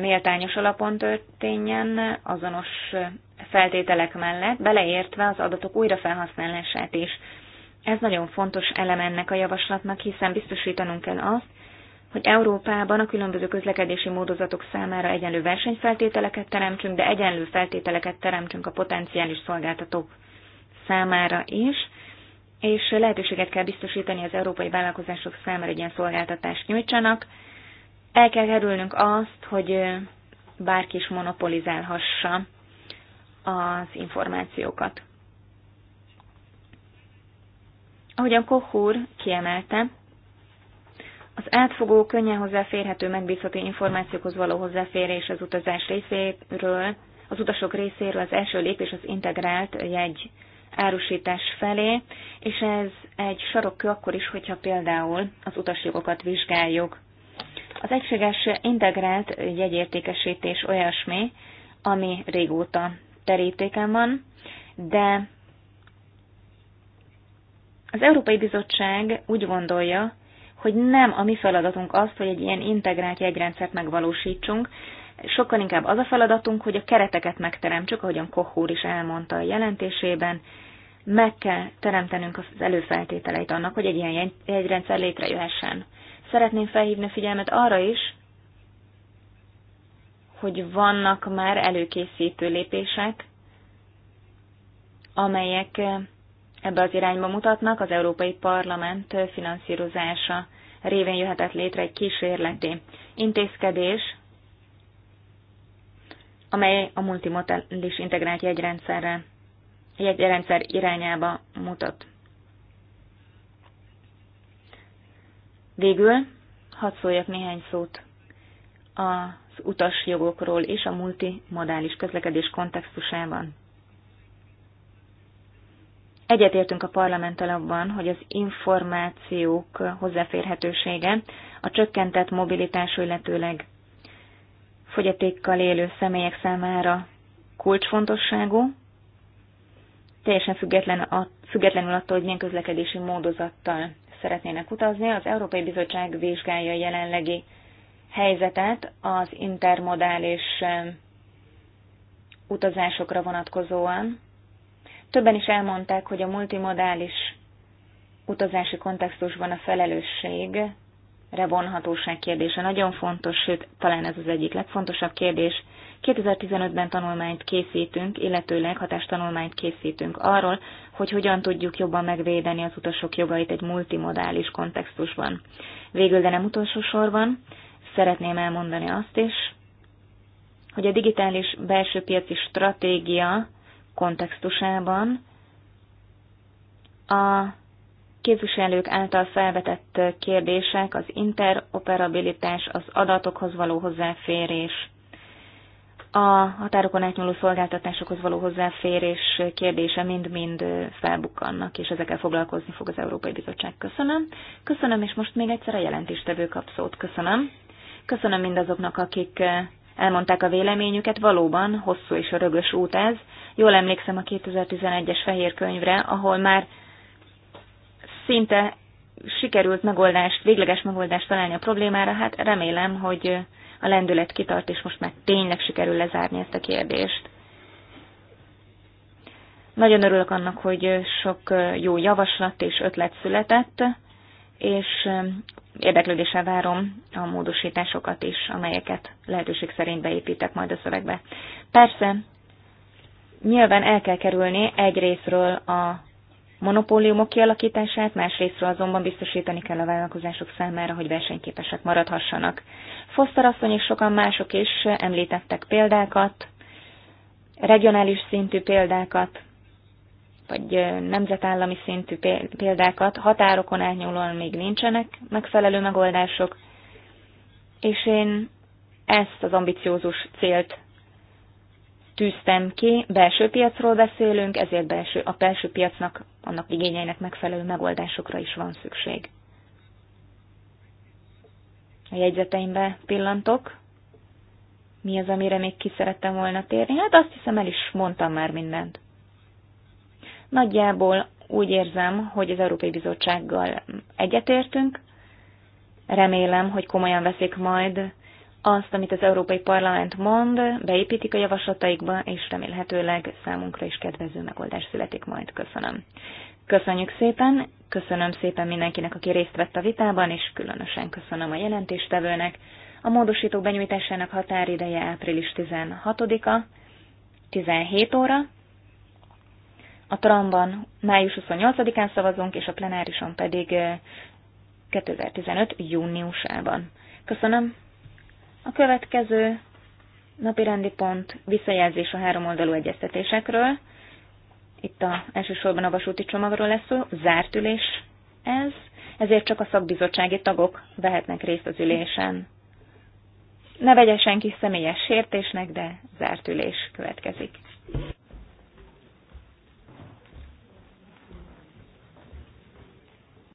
Speaker 1: méltányos alapon történjen, azonos feltételek mellett, beleértve az adatok újrafelhasználását is. Ez nagyon fontos elem ennek a javaslatnak, hiszen biztosítanunk kell azt, hogy Európában a különböző közlekedési módozatok számára egyenlő versenyfeltételeket teremtsünk, de egyenlő feltételeket teremtsünk a potenciális szolgáltatók számára is, és lehetőséget kell biztosítani az európai vállalkozások számára, hogy ilyen szolgáltatást nyújtsanak. El kell kerülnünk azt, hogy bárki is monopolizálhassa az információkat. Ahogyan Koch úr kiemelte, az átfogó, könnyen hozzáférhető, megbízható információkhoz való hozzáférés az utazás részéről, az utasok részéről az első lépés az integrált jegy árusítás felé, és ez egy sarokkő akkor is, hogyha például az utasjogokat vizsgáljuk. Az egységes integrált jegyértékesítés olyasmi, ami régóta terítéken van, de az Európai Bizottság úgy gondolja, hogy nem a mi feladatunk az, hogy egy ilyen integrált jegyrendszert megvalósítsunk, sokkal inkább az a feladatunk, hogy a kereteket megteremtsük, ahogyan Koch úr is elmondta a jelentésében, meg kell teremtenünk az előfeltételeit annak, hogy egy ilyen jegyrendszer létrejöhessen. Szeretném felhívni a figyelmet arra is, hogy vannak már előkészítő lépések, amelyek ebbe az irányba mutatnak, az Európai Parlament finanszírozása révén jöhetett létre egy kísérleti intézkedés, amely a multimodális integrált jegyrendszerre, jegyrendszer irányába mutat. Végül hadd szóljak néhány szót az utasjogokról és a multimodális közlekedés kontextusában. Egyetértünk a parlamenttel abban, hogy az információk hozzáférhetősége a csökkentett mobilitású, illetőleg fogyatékkal élő személyek számára kulcsfontosságú, teljesen független a, függetlenül attól, hogy milyen közlekedési módozattal szeretnének utazni. Az Európai Bizottság vizsgálja jelenlegi helyzetet az intermodális eh, utazásokra vonatkozóan, Többen is elmondták, hogy a multimodális utazási kontextusban a felelősség vonhatóság kérdése nagyon fontos, sőt, talán ez az egyik legfontosabb kérdés. 2015-ben tanulmányt készítünk, illetőleg hatástanulmányt készítünk arról, hogy hogyan tudjuk jobban megvédeni az utasok jogait egy multimodális kontextusban. Végül, de nem utolsó sorban, szeretném elmondani azt is, hogy a digitális belső piaci stratégia kontextusában a képviselők által felvetett kérdések, az interoperabilitás, az adatokhoz való hozzáférés, a határokon átnyúló szolgáltatásokhoz való hozzáférés kérdése mind-mind felbukkannak, és ezekkel foglalkozni fog az Európai Bizottság. Köszönöm. Köszönöm, és most még egyszer a jelentéstevő kapszót. szót. Köszönöm. Köszönöm mindazoknak, akik elmondták a véleményüket. Valóban hosszú és örögös út ez, Jól emlékszem a 2011-es fehér könyvre, ahol már szinte sikerült megoldást, végleges megoldást találni a problémára, hát remélem, hogy a lendület kitart, és most már tényleg sikerül lezárni ezt a kérdést. Nagyon örülök annak, hogy sok jó javaslat és ötlet született, és érdeklődéssel várom a módosításokat is, amelyeket lehetőség szerint beépítek majd a szövegbe. Persze, nyilván el kell kerülni egyrésztről a monopóliumok kialakítását, másrésztről azonban biztosítani kell a vállalkozások számára, hogy versenyképesek maradhassanak. Foster asszony és sokan mások is említettek példákat, regionális szintű példákat, vagy nemzetállami szintű példákat, határokon átnyúlóan még nincsenek megfelelő megoldások, és én ezt az ambiciózus célt tűztem ki, belső piacról beszélünk, ezért belső, a belső piacnak, annak igényeinek megfelelő megoldásokra is van szükség. A jegyzeteimbe pillantok. Mi az, amire még ki szerettem volna térni? Hát azt hiszem, el is mondtam már mindent. Nagyjából úgy érzem, hogy az Európai Bizottsággal egyetértünk. Remélem, hogy komolyan veszik majd azt, amit az Európai Parlament mond, beépítik a javaslataikba, és remélhetőleg számunkra is kedvező megoldás születik majd. Köszönöm. Köszönjük szépen, köszönöm szépen mindenkinek, aki részt vett a vitában, és különösen köszönöm a jelentéstevőnek. A módosítók benyújtásának határideje április 16-a, 17 óra. A Tramban május 28-án szavazunk, és a plenárison pedig 2015. Eh, júniusában. Köszönöm, a következő napi rendi pont visszajelzés a háromoldalú egyeztetésekről. Itt a, elsősorban a vasúti csomagról lesz szó, zárt ülés ez, ezért csak a szakbizottsági tagok vehetnek részt az ülésen. Ne vegye senki személyes sértésnek,
Speaker 3: de zárt ülés következik.